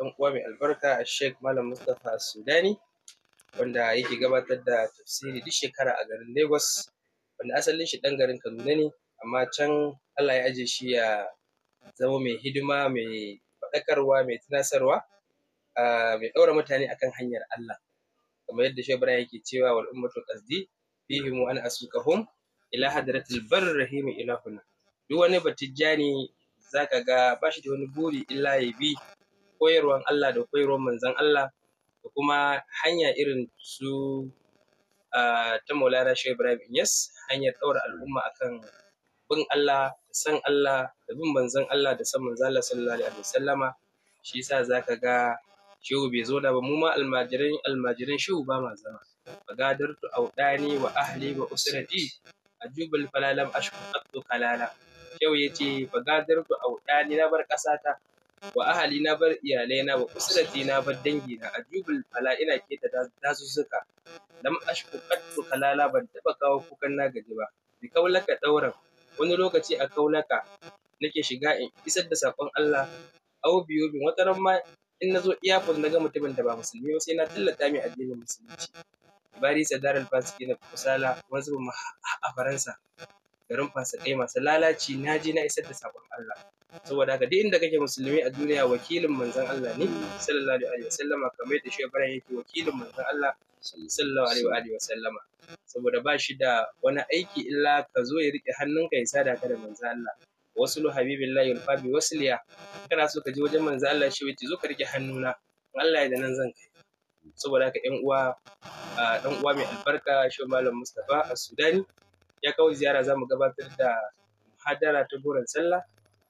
ɗan uwa mai albarka Sheikh Malam Mustapha Sudani wanda yake gabatar da tafsiri duk shekara a garin Lagos wanda asalin shi ɗan garin Kaduna ne amma can Allah ya aje shi ya zama mai hidima mai faɗakarwa mai tunasarwa mai ɗaura mutane akan hanyar Allah kamar yadda Sheikh Ibrahim yake cewa wal ummatu qasdi fihim an asukahum ila hadratil barr rahim ilahuna duk wani batijani zaka ga bashi da wani buri illa ya bi koyarwan Allah da koyarwan manzan Allah da kuma hanya irin su ah, ta Maulana Shehu Ibrahim Inyas hanyar ɗaura al'umma akan bin Allah da san Allah da bin manzan Allah da san manzan Allah sallallahu alaihi wasallama shi yasa zaka ga shehu bai zo da ba mu ma almajirin almajirin shehu ba ma zama bagadartu audani wa ahli wa usrati ajubal falalam ashku qattu kalala shehu yace bagadartu audani na bar kasata wa ahali na bar iyalai na wa usrati na bar dangi na ajubul bala ina keta dazuzzuka lam ashku qattu kalala ban taba kawo kukan na gaji ba bi kaulaka dauran wani lokaci a kaulaka nake shiga in isar da sakon Allah aw biyo bi wata ran ma in nazo iyafin naga mutumin da ba musulmi ba sai na tallata mai addinin musulunci bari al fasiki na kusala wani a faransa garin fasadai masu lalaci na je na isar da sakon Allah saboda haka duk inda kake musulmi a duniya wakilin manzon Allah ne sallallahu alaihi wasallama kamar yadda shi Ibrahim yake wakilin manzon Allah sallallahu alaihi wa sallama. saboda ba shi da wani aiki illa ka zo ya rike hannunka ya sada ka da manzon Allah wasulu habibillah yulfa bi wasliya kana so ka je wajen manzon Allah shi wace zo ka rike hannuna Allah ya da nan zan kai saboda haka ƴan uwa dan uwa mai albarka shi malam Mustapha a Sudani ya kawo ziyara za mu gabatar da hadara ta goron sallah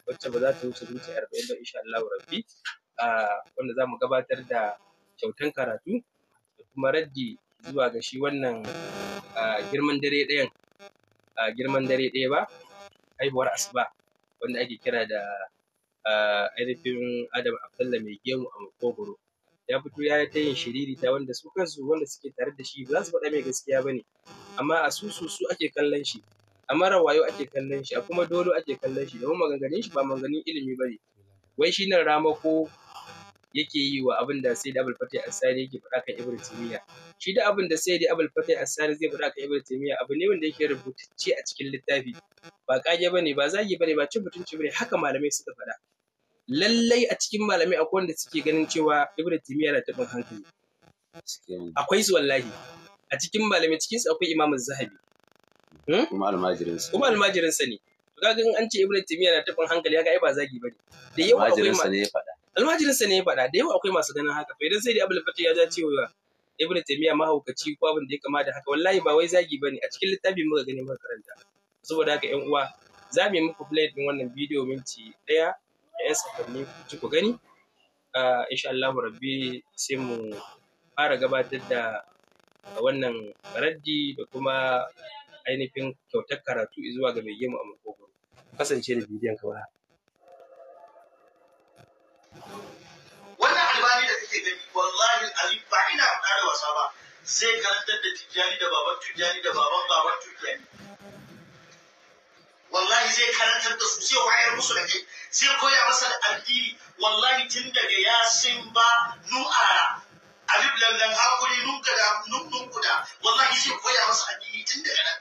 wacce ba za ta wuce zuciya arba'in ba insha Allah rabbi wanda za mu gabatar da kyautan karatu da kuma raddi zuwa ga shi wannan girman dare ɗayan girman dare ɗaya ba haihuwar asuba wanda ake kira da ainihin adam abdallah mai gemu a makogoro ya fito ya ta yin shiriri ta wanda su kansu wanda suke tare da shi ba za su faɗa mai gaskiya ba ne amma a su su su ake kallon shi a mara wayo ake kallon shi a kuma dolo ake kallon shi domin maganganun shi ba maganganun ilimi ba ne wai shi nan ramako yake yi wa abin da sai da abul fatai asari yake faɗa kan ibn timiya shi da abin da sai da abul fatai asari zai faɗa kan ibn timiya abu ne wanda yake rubutacce a cikin littafi ba kage bane ba zagi bane ba cin mutunci bane haka malamai suka faɗa lallai a cikin malamai akwai wanda suke ganin cewa ibn taymiya na tabin hankali akwai su wallahi a cikin malamai cikin su akwai imamu zahabi hmm? kuma almajirinsa kuma almajirinsa ne ga kaga in an ce ibn taymiya na tabin hankali kaga ai ba zagi bane da yawa akwai ma ne sa almajirinsa ne ya faɗa da yawa akwai masu ganin haka to idan sai da abul fatih ya ja cewa ibn taymiya mahaukaci ko abin da ya kama da haka wallahi ba wai zagi bane a cikin littafin muka gani muka karanta saboda haka yan uwa za mu yi muku play din wannan bidiyo minti ɗaya. 'yan sakonni ji ku gani ah, insha Allah rabbi sai mu fara gabatar da wannan raddi da kuma ainihin kyautar karatu zuwa ga mai gemu a makogoro kasance da bidiyon kamar wannan albani da kake gani wallahi alim ba ina faɗa da wasa ba zai karantar da tijjani da baban tijjani da baban baban tijjani wallahi zai karantar da su sai wayar musu da ke. sai koya masa da addini wallahi tun daga yasin ba ara alif lallan hakuri nu kuda wallahi zai koya masa addini tun daga nan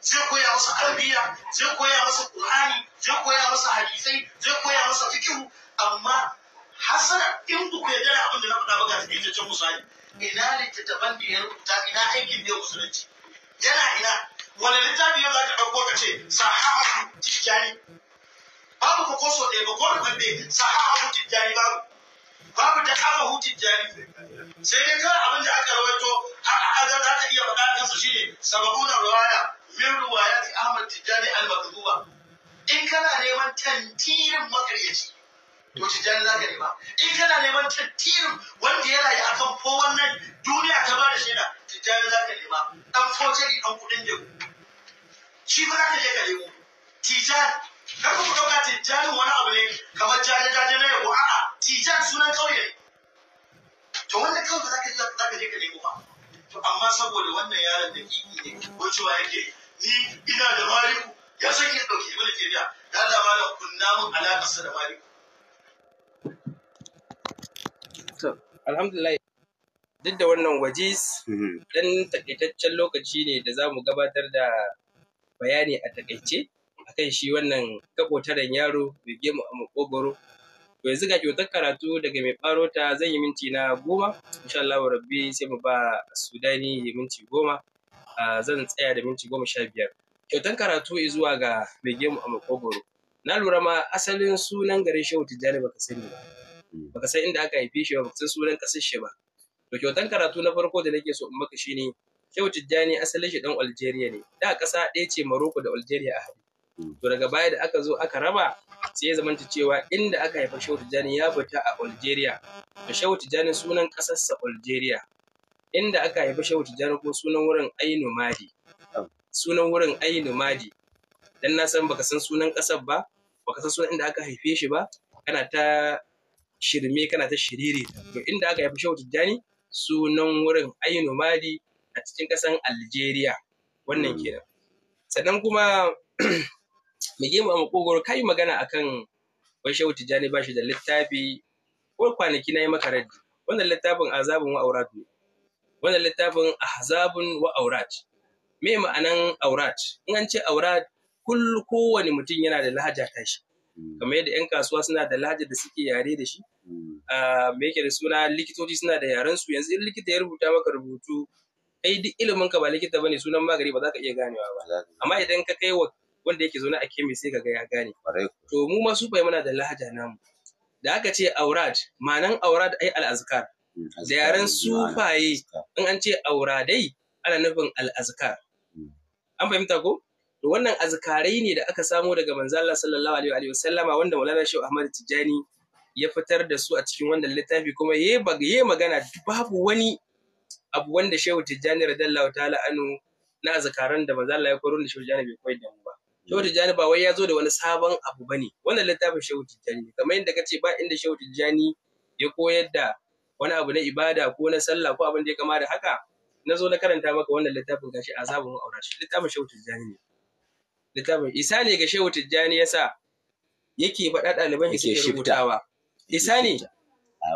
zai koya masa arabiya zai koya masa qur'ani zai koya masa hadisai zai koya masa fikihu amma hasara in ku ya yarda abin da na faɗa ba ga cikin musali ina littattafan da ya rubuta ina aikin da ya musulunci yana ina wani littafi yau za ka ɗauko ka ce sahaha tijjani babu ko koso ɗaya ba ko da wanda sahaha tijjani babu babu da kama hutun jari sai dai kawai abin da aka rawaito har a azar za ka iya faɗa kansu shi ne sababuna ruwaya min ruwaya ta ahmad tijjani al-makduba in kana neman tantirin makaryaci to tijjani za ka nema in kana neman tantirin wanda ya rayu kan ko wannan duniya ta ba da shaida tijjani za ka nema dan fojeri dan kudin jago shi ba za ka je ka nemo tijan kar ku ɗauka tijanin wani abu ne kamar jaje-jaje na yabo a'a tijan sunan ƙauye to wannan kawai ba za ka je za ka je ka nemo ba to amma saboda wannan yaron da kiki ne ko cewa yake ni ina da maliku ya san ya ɗauki ibn ke da Ya ma na kunna mun alaƙarsa da maliku alhamdulillah duk da wannan wajis dan mm-hmm. takaitaccen lokaci ne da za mu gabatar da bayani a takaice akan shi wannan gaɓotaren yaro mai gemu a makogoro to yanzu ga kyautar karatu daga mai faro ta zan yi minti na goma insha Allah rabbi sai mu ba sudani ya minti goma zan tsaya da minti goma sha biyar kyautar karatu zuwa ga mai gemu a makogoro na lura ma asalin sunan garin shehu tijjani baka sani ba baka san inda aka haife shi ba baka san sunan kasar shi ba to kyautar karatu na farko da nake so in maka ne. Shehu Tijjani asalin shi dan Algeria ne. Da ƙasa ɗaya ce Morocco da Algeria a haɗe. Hmm. To daga baya da aka zo aka raba sai ya zamanta cewa inda aka haifa Shehu Tijjani ya fita a Algeria. To Shehu Tijjani sunan ƙasarsa Algeria. Inda aka haifa Shehu Tijjani ko sunan wurin Ainu Madi. Hmm. Sunan wurin Ainu Madi. Dan na san baka san sunan ƙasar ba, baka san sunan inda aka haife shi ba, kana ta shirme kana ta shiriri. To inda aka haifa Shehu Tijjani sunan wurin Ainu Madi a cikin kasan Algeria wannan hmm. kenan sannan kuma mu je mu makogoro kai magana akan wai shehu tijani ba shi da littafi ko kwanaki na yi maka raddi wannan littafin azabun wa aurat wannan littafin ahzabun wa aurat me ma'anan aurat in an ce aurat kowane mutum yana da lahaja ta shi hmm. kamar yadda 'yan kasuwa suna da lahaja da suke yare da shi hmm. ah, me yake da suna likitoci suna da yaren su yanzu in likita ya rubuta maka rubutu ai duk ilimin ka ba likita bane sunan magani ba za ka iya ganewa ba amma idan ka kai wa wanda yake zaune a kemi sai ka ga ya gane to mu ma su bai muna da lahaja namu da aka ce aurad ma'anan aurad ai al'azkar mm, da yaren sufaye in an ce auradai ana nufin al'azkar mm. an fahimta ko to wannan azkarai ne da aka samo daga manzo Allah sallallahu alaihi wa sallama wanda Maulana Shehu Ahmad Tijani ya fitar da su a cikin wannan littafi kuma yayi magana babu wani abu wanda shehu tijjani radallahu ta'ala anu na zakaran da manzo Allah ya koro da shehu tijjani bai koyar da mu ba shehu tijjani ba wai ya zo da wani sabon abu bane wannan littafin shehu tijjani kamar yadda kace ba inda shehu tijjani ya koyar da wani abu na ibada ko na sallah ko abin da ya kama da haka na zo na karanta maka wannan littafin gashi azabun aura shi littafin shehu tijjani ne littafin isa ne ga shehu tijjani yasa yake faɗa ɗaliban shi ke rubutawa isa ne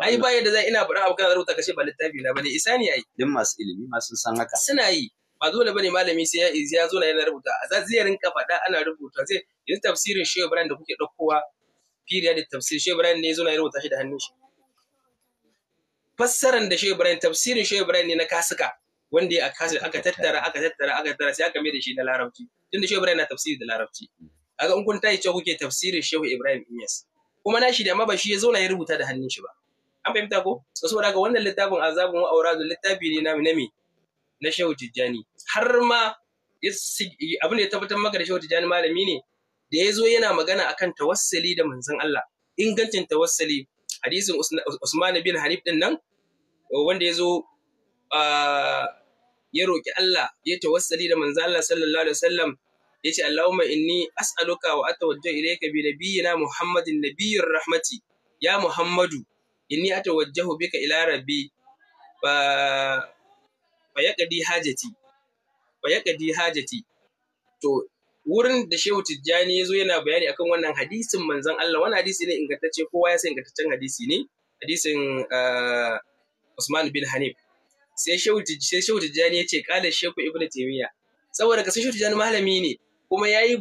ai ba yadda zai ina faɗa abu kana rubuta kashe ba littafi na bane isani yayi. din masu ilimi ma sun san haka suna yi ba dole bane malami sai ya ya zo na yana rubuta a zai ka faɗa ana rubuta zai yanzu tafsirin shehu ibrahim da kuke ɗaukowa firiya da tafsir shehu ibrahim ne ya zo na rubuta shi da hannun shi fassaran da shehu ibrahim tafsirin shehu ibrahim ne na kasuka wanda ya aka tattara aka tattara aka tattara sai aka mai da shi na larabci tunda shehu ibrahim na tafsiri da larabci aga in kun tayi cewa kuke tafsirin shehu ibrahim inyas kuma nashi da ma ba shi ya zauna ya rubuta da hannun shi ba an fahimta ko so saboda ga wannan littafin azabun wa auradu littafi ne na nami na shehu tijjani har ma abin da ya tabbatar maka da shehu tijjani malami ne da ya zo yana magana akan tawassali da manzon Allah ingancin tawassali hadisin Usman bin Hanif din nan wanda ya zo ya roki Allah ya tawassali da manzon Allah sallallahu alaihi wasallam ya ce Allahumma inni as'aluka wa atawajjahu ilayka bi nabiyyina Muhammadin nabiyyir rahmati ya Muhammadu inni wajjahu bika ila rabbi fa fa yaqdi hajati fa yaqdi hajati to wurin da Shehu Tijjani ya zo yana bayani akan wannan hadisin manzon Allah wannan hadisi ne ingantacce kowa ya san ingantaccen hadisi ne hadisin ah, Usman bin Hanif sai Shehu sai Shehu Tijjani ya ce kala Shehu Ibn Taymiyyah saboda ka Shehu Tijjani malami ne kuma yayi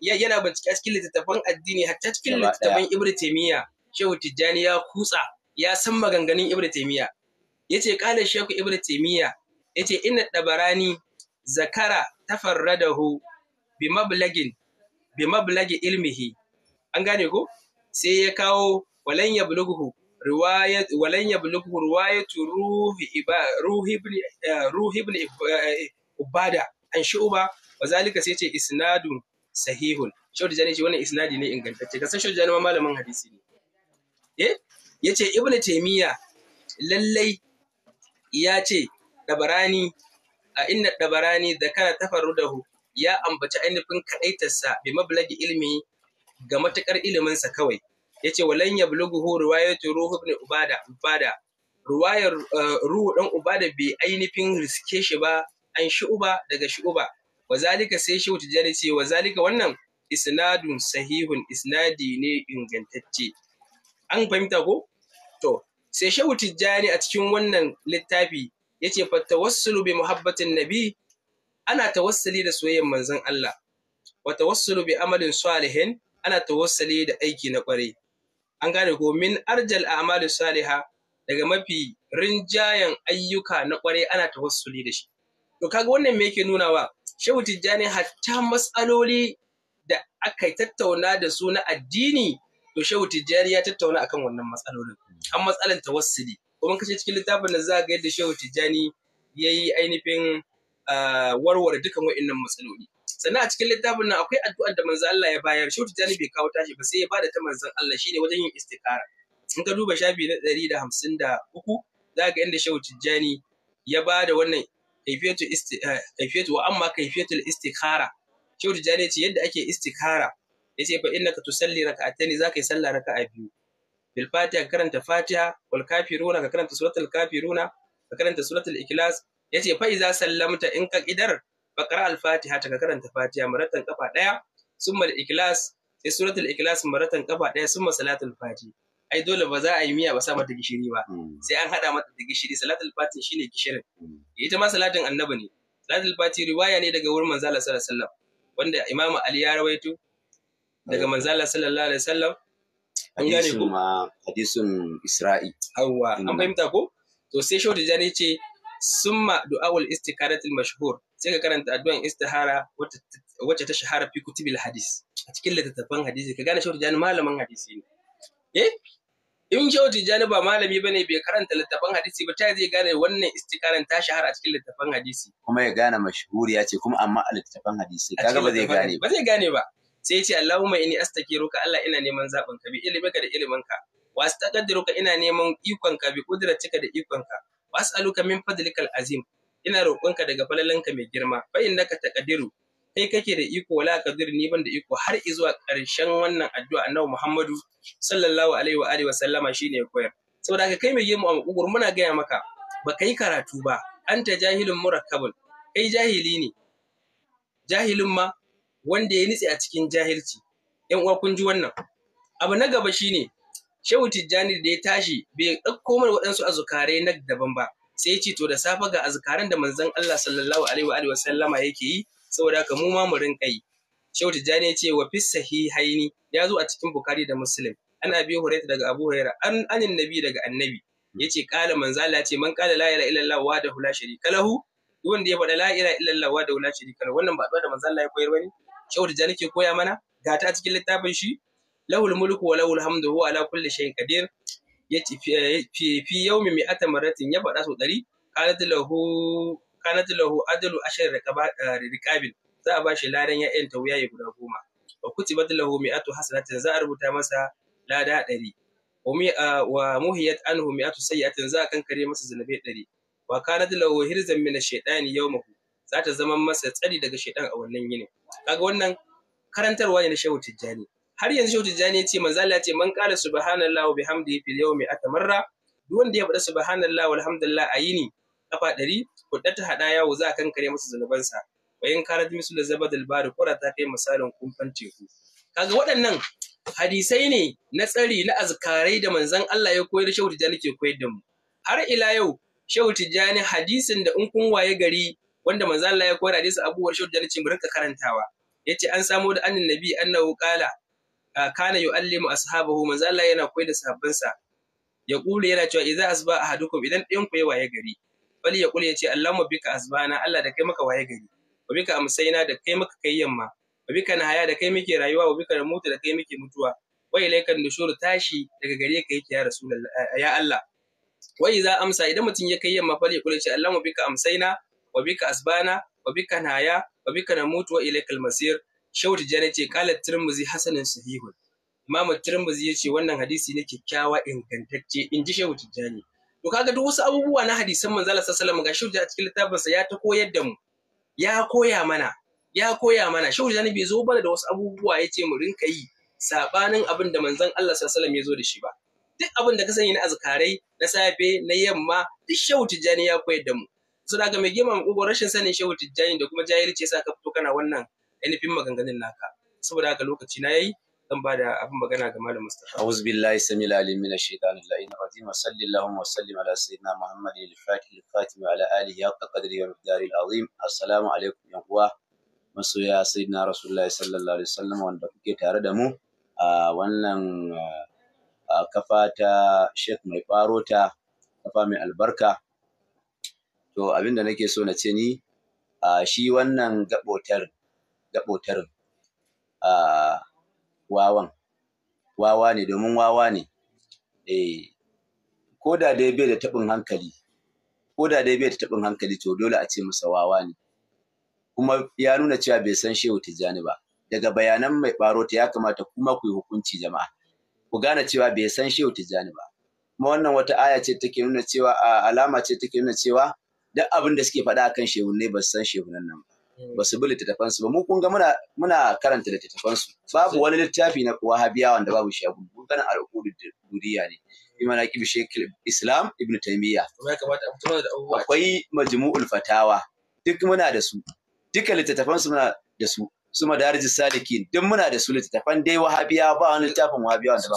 yana bincike a cikin littattafan addini hatta cikin littattafan Ibn Taymiyyah shehu tijjani ya kutsa ya san maganganun Ibn taymiya yace qala shehu Ibn taymiya yace inna dabarani zakara tafarradahu bi mablagin bi mablagi ilmihi an gane ko sai ya kawo walan yablughu riwayat walan yablughu riwayatu ruhi iba ruhi ibn eh, ruhi ibn eh, ubada an shu'ba wa sai ce isnadun sahihun Shehu Tijjani ce wannan isnadi ne ingantacce kasan Shehu Tijjani ma malamin hadisi ne Eh? Ya ce Ibn taimiyya lallai ya ce dabarani a inna dabarani da hu ya ambaci ainihin kaɗaitarsa bi mablagi ilmi ga matuƙar iliminsa kawai ya yace walan hu riwayatu ruhu ibn ubada ubada ruwayar eh, ruhu dan ubada bai ainihin riske shi ba an shi'uba daga shi'uba wazalika sai shi shehu jari ce wazalika wannan isnadun sahihun isnadi ne ingantacce an fahimta ko to sai shehu tijjani a cikin wannan littafi ya ce fattawassulu bi muhabbatin nabi ana tawassali da soyayyen manzon Allah wa tawassulu bi amalin salihin ana tawassali da aiki na kware. an gane ko min arjal a'malu saliha daga mafi rinjayen ayyuka na kware ana tawassuli da shi to kaga wannan me yake nunawa shehu tijjani hatta matsaloli da aka tattauna da su na addini to shehu tijjani ya tattauna akan wannan matsalolin an matsalan tawassuli kuma kace cikin littafin da za ga yadda shehu tijjani ya yi ainihin warware dukan wa'annan matsaloli sannan a cikin littafin nan akwai addu'ar da manzo Allah ya bayar shehu tijjani bai kawo tashi ba sai ya bada ta manzon Allah shine wajen yin istikara in ka duba shafi na ɗari da hamsin da uku za ga yadda shehu tijjani ya ba da wannan kaifiyatu wa amma kaifiyatul istikara. shehu tijjani ce yadda ake istikara. Ya ce fa innaka tusalli raka'ataini zaka yi sallah raka a biyu bil fatiha karanta fatiha wal kafiruna ka karanta suratul kafiruna ka karanta suratul ikhlas yace fa iza sallamta in ka idar faqra al fatiha ta karanta fatiha maratan kafa daya summa al ikhlas sai suratul ikhlas maratan kafa daya summa salatul fati. ai dole ba za a yi miya ba sa mata gishiri ba hmm. sai an haɗa mata da gishiri salatul fati shine gishirin hmm. ita ma salatin annabi ne salatul fati riwaya ne daga wurin manzo Allah sallallahu alaihi wanda imamu ali ya rawaito daga manzala sallallahu alaihi wasallam an gane ma hadisun isra'i awwa an fahimta ko to sai shehu jani ce summa du'awul istikharatil mashhur sai ka karanta addu'an istihara wacce ta shahara fi kutubil hadis a cikin littattafan hadisi ka gane shehu jani malamin hadisi ne eh in shehu jani ba malami bane bai karanta littattafan hadisi ba ta zai gane wannan istikharan ta shahara a cikin littattafan hadisi kuma ya gane ya ce kuma amma a littattafan hadisi kaga ba zai gane ba zai gane ba sai ce Allahumma inni astakiruka Allah ina neman zaɓin ka bi ka da iliminka wa astaqdiruka ina neman ikon ka bi ka da ikon ka wa aluka, min fadlikal azim ina roƙonka daga ka mai girma fa innaka taqdiru kai kake da iko wala qadir ni ban da iko har zuwa ƙarshen wannan addu'a annabi Muhammadu sallallahu alaihi wa alihi wa shine ya koyar saboda haka kai mai girma a makugur muna gaya maka ba kai karatu ba anta jahilun murakkabun kai jahili ne jahilin ma wanda ya nitse a cikin jahilci yan uwa kun ji wannan abu na gaba shine shehu tijjani da ya tashi bai ɗauko mana waɗansu azukare na daban ba sai ce to da safe ga azkaran da manzon Allah sallallahu alaihi wa alihi wa sallama yake yi saboda haka mu ma mu rinka yi shehu tijjani ya ce wa fi sahihaini ya zo a cikin bukari da muslim ana abi hurairah daga abu hurairah an anin nabi daga annabi yace kala manzala ce man kala la ilaha illallah wa da la sharika lahu wanda ya faɗa la ilaha illallah wa da la sharika lahu wannan ba da Allah ya koyar bane shehu tijjani ke koya mana ga ta cikin littafin shi lahul mulku wa lahul hamdu huwa ala kulli shay'in qadir ci fi fi yawmi mi'ata maratin ya faɗa sau ɗari kanat lahu kanat lahu adlu ashar eh, riqabin za a ba shi ladan ya yanta wuya ya guda goma wa kutibat lahu mi'atu hasanatin za a rubuta masa lada ɗari wa eh, muhiyat anhu mi'atu sayyatin za a kankare masa zanabe ɗari wa kanat lahu hirzan min ash-shaytani yawmahu za ta zama masa tsari daga shaidan a wannan yinin kaga wannan karantarwa ne na shehu tijjani har yanzu shehu tijjani ya ce manzala ce man qala subhanallahi wa bihamdihi fil yawmi atamarra duk wanda ya faɗa subhanallahu walhamdulillah a yini kafa ɗari kuɗata hada yawo za a kankare masa zunubansa bayan karat misu da zaba dalbari kura ta kai misalin kumfan teku kaga waɗannan hadisai ne na tsari na azkarai da manzon Allah ya koyar shehu tijjani ke koyar da mu har ila yau shehu tijjani hadisin da in kun waye gari wanda manzo Allah ya koyar hadisi Abu Warshud da nace mu karantawa yace an samo da annabi annahu qala ah, kana yu'allimu ashabahu manzo Allah yana koyar da sahabbansa ya kula yana cewa idza asba ahadukum idan ɗin ku ya waye gari bali ya kula yace Allahumma bika asbana Allah da kai maka waye gari wa bika amsaina da kai maka kai yamma wa bika nahaya da kai muke rayuwa wa bika mutu da kai muke mutuwa wa ilaikan nushur tashi daga gare ka yake ya rasulullah ya Allah wa idza amsa idan mutum ya kai yamma bali ya kula yace Allahumma bika amsaina wa asbana wabika naya wa namutu wa ilaikal masir shawti jana ce qala tirmizi hasanun sahihun imam tirmizi yace wannan hadisi ne kyakkyawa ingantacce inji shawti jani to kaga duk wasu abubuwa na hadisan manzo Allah sallallahu alaihi wasallam ga shawti a cikin littafinsa ya ta koyar da mu ya koya mana ya koya mana shawti jani bai zo bala da wasu abubuwa yace mu rinka yi sabanin abin da manzon Allah sallallahu alaihi wasallam ya zo da shi ba duk abin da ka sani na azkarai na safe na yamma duk shawti jani ya koyar da mu so daga mai girma makogo rashin sanin shehu tijjani da kuma jahilci yasa ka fito kana wannan ainihin maganganun naka saboda haka lokaci na yayi zan ba da abin magana ga malam Mustafa a'udhu billahi samil alim min ash-shaytanir lain rajim wa sallallahu wa sallim ala sayyidina muhammadin al-fatih al wa ala alihi haqqa qadri wa miqdari al-azim assalamu alaikum ya uwa masoya sayyidina rasulullahi sallallahu alaihi wasallam wanda kuke tare da mu a wannan kafa ta Sheikh mai farota kafa mai albarka to abin da nake so na ce ni uh, shi wannan gaɓotar gaɓotar uh, wawan wawa ne domin wawa ne eh ko da dai bai da taɓin hankali ko da dai bai da taɓin hankali to dole a ce masa wawa ne kuma ya nuna cewa bai san shehu tijani ba daga bayanan mai barota ya kamata kuma ku yi hukunci jama'a ku gane cewa bai san shehu tijani ba kuma wannan wata aya ce take nuna cewa alama ce take nuna cewa duk abin da suke faɗa akan shehunai ba su san shehunan nan ba hmm. su bi littattafan su ba mu kun ga muna muna karanta littattafan su babu wani littafi na wahabiya wanda babu shehu abu mun ganin al'ukudu duriya ne bima na kibi islam ibnu taymiya akwai majmu'ul fatawa duk muna da su duka littattafan su muna da su su madarij saliki duk muna da su littafan dai wahabiya ba wani littafin wahabiyawa da ba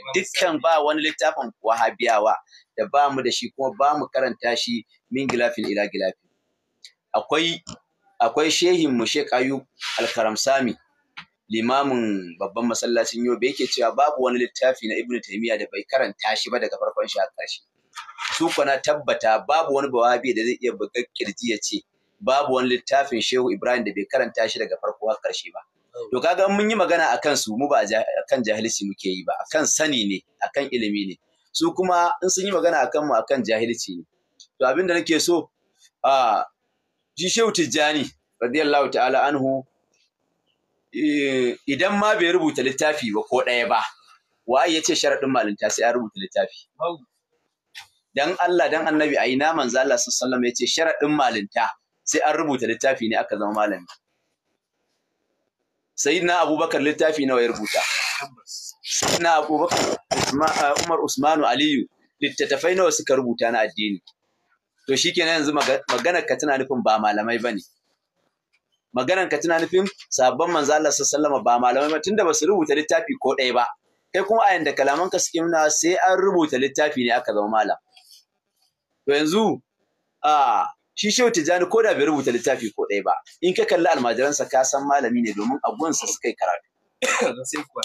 mu dukkan ba wani littafin wahabiyawa da ba mu da shi kuma ba mu karanta shi min gilafin ila gilafi akwai akwai shehin mu shek ayu alkaramsami limamin babban masallacin Yobe yake cewa babu wani littafi na ibnu Taymiya da bai karanta shi ba daga farkon shi har karshe su tabbata babu wani bawabi da zai iya bugar kirji ya ce babu wani littafin shehu ibrahim da bai karanta shi daga farko har karshe ba to kaga mun yi magana akan su mu ba akan jahilci muke yi ba akan sani ne akan ilimi ne su kuma in sun yi magana akan mu akan jahilci ne to abin da nake so a ji shehu tijjani radiyallahu ta'ala anhu idan ma bai rubuta littafi ba ko ɗaya ba Wa ya ce sharaɗin malinta sai an rubuta littafi dan Allah dan annabi a naman manzo Allah sallallahu alaihi ya ce sharaɗin malinta sai an rubuta littafi ne aka zama malami sayyidina abubakar littafi nawa ya rubuta sayyidina abubakar eh, umar usmanu aliyu littattafai nawa suka rubuta na addini to shikenan yanzu magana ka tana nufin ba malamai bane maganar ka tana nufin sabon manzo Allah sallallahu ba malamai ba tunda basu rubuta littafi ko ɗaya ba kai kuma a yanda kalaman ka suke nuna sai an rubuta littafi ne aka zama malam to yanzu a ah, shi shehu tijjani ko da bai rubuta littafi ko ɗaya ba in ka kalli almajiransa ka san malami ne domin abuwansa suka yi karatu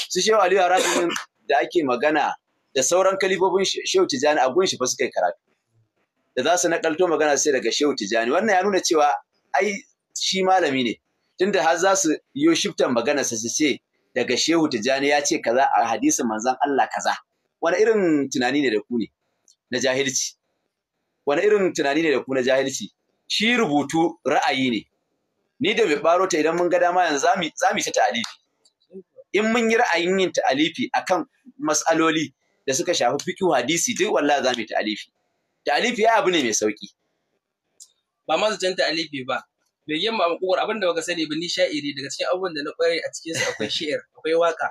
su shehu aliyu harajin da ake magana da sauran kalibobin shehu tijjani abuwan shi fa suka yi karatu da za su nakalto magana sai daga shehu tijjani wannan ya nuna cewa ai shi malami ne tunda har za su yi shiftan magana su ce daga shehu tijjani ya ce kaza a hadisin manzon Allah kaza wani irin tunani ne da ku ne na jahilci wani irin tunani ne da ku na jahilci shi rubutu ra'ayi ne ni da mai baro ta idan mun ga dama yanzu za mu ta ta'alifi in mun yi ra'ayin yin ta'alifi akan mas'aloli da suka shafi fiqh hadisi duk wallahi za mu ta'alifi ta'alifi ya abu ne mai sauki ba ma zaton ta'alifi ba bai yin ma kokor abin da baka sani ba ni sha'iri daga cikin abubuwan da na kware a cikin su akwai shi'ir akwai waka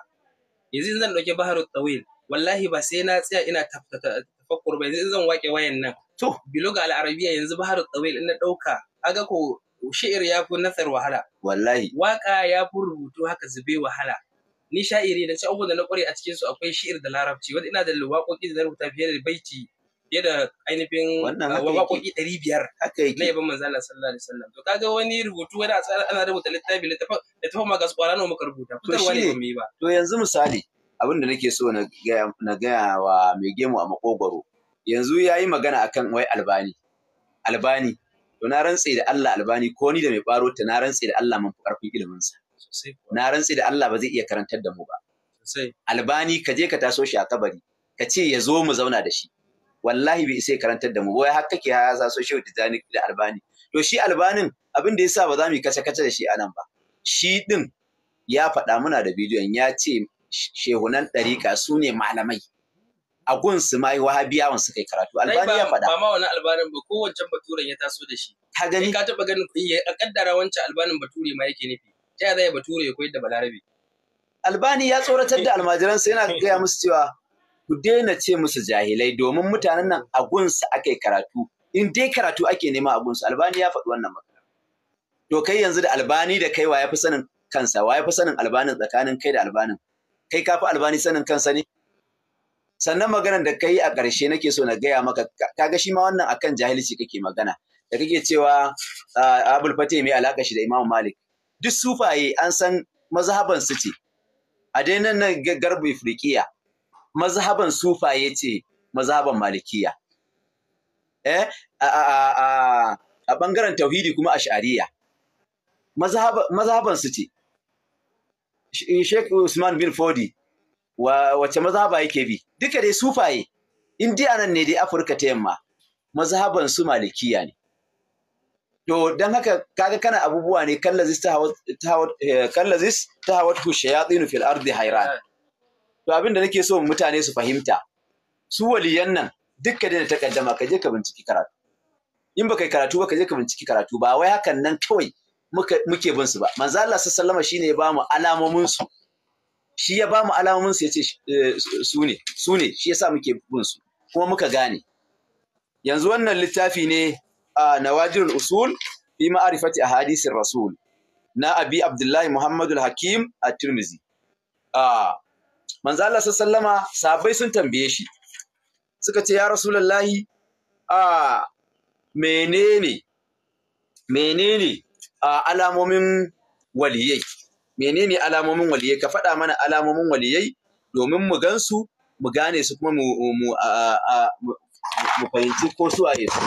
yanzu zan dauki baharut tawil wallahi ba sai na tsaya ina tafakkur ba yanzu zan wake wayan nan to biloga al'arabiya yanzu bahar tsawil na ɗauka aga ko shi'ir ya fi nasar wahala wallahi waka ya fi rubutu haka zube wahala ni sha'iri da ci abubuwan da na kware a cikinsu akwai shi'ir da larabci wanda ina da waƙoƙi da na rubuta fiye da baiti fiye da ainihin ah, waƙoƙi ɗari biyar na yaban manzo Allah sallallahu alaihi wasallam to kaga wani rubutu wani ana rubuta littafi littafin ma gasu na muka rubuta fitarwa ne ba ba to yanzu misali abin da nake so na gaya wa mai gemu a makogwaro yanzu ya yi magana a kan wai albani albani to na rantse da Allah albani ko ni da mai baro ta na rantse da Allah man ƙarfin iliminsa na rantse da Allah ba zai iya karantar da mu ba albani ka je ka taso shi a kabari ka ce ya zo mu zauna da shi wallahi bai isa ya karantar da mu wai har kake ya zaso shehu zani da albani to shi albanin abin da sa ba za mu yi kace kace da shi anan ba shi ɗin ya faɗa muna da bidiyon ya ce shehunan ɗariƙa su ne malamai a gun su ma wahabiyawan suka yi karatu albani ya faɗa ba ma wannan albanin ba wancan baturen ya taso da shi ka gani ka taɓa ganin A kaddara wancan albanin bature ma yake nufi ta zai bature ya koyar da balarabe albani ya tsoratar da almajiransa yana gaya musu cewa ku daina ce musu jahilai domin mutanen nan a gunsu aka yi karatu in dai karatu ake nema a su albani ya faɗi wannan magana to kai yanzu da albani da kai wa ya fi sanin kansa wa ya fi sanin albanin tsakanin kai da albanin kai ka fi albani sanin kansa ne sannan magana da kai a ƙarshe nake so na gaya maka kaga shi ma wannan akan jahilci kake magana da kake cewa abul fate mai alaka shi da Imam malik duk sufaye an san mazhaban su ce a dainan nan garbu afrikiya mazhaban sufaye ce mazhaban malikiya eh a bangaren tauhidi kuma ash'ariya mazhaban su ce Sheikh Usman bin Fodi wace mazhaba yake bi duka dai sufaye indiya nan ne dai afirka ta yamma mazhaban su malikiya ne to don haka kaga kana abubuwa ne kallazis ta hawat eh, kallazis ta hawat ku shayatin fil ardi hayran to abinda nake so mutane su fahimta su waliyan nan dukka da takaddama ka je ka binciki karatu in baka karatu ba ka je ka binciki karatu ba wai hakan nan kawai muke bin su ba manzo Allah sallallahu alaihi wasallam shine ya bamu alamomin su shi ya ba mu alamomin su ya ce eh, su ne su ne shi yasa muke bin su kuma muka gane yanzu wannan littafi ne a nawajirul usul fi ma'arifati hadisin rasul na abi abdullahi muhammadul hakim a tirmizi a manzo Allah sallama sahabbai sun tambaye shi suka ce ya rasulullahi a menene menene alamomin waliyai menene alamomin waliyai ka faɗa mana alamomin waliyai domin mu gansu mu gane su kuma mu fahimci ko su a yesu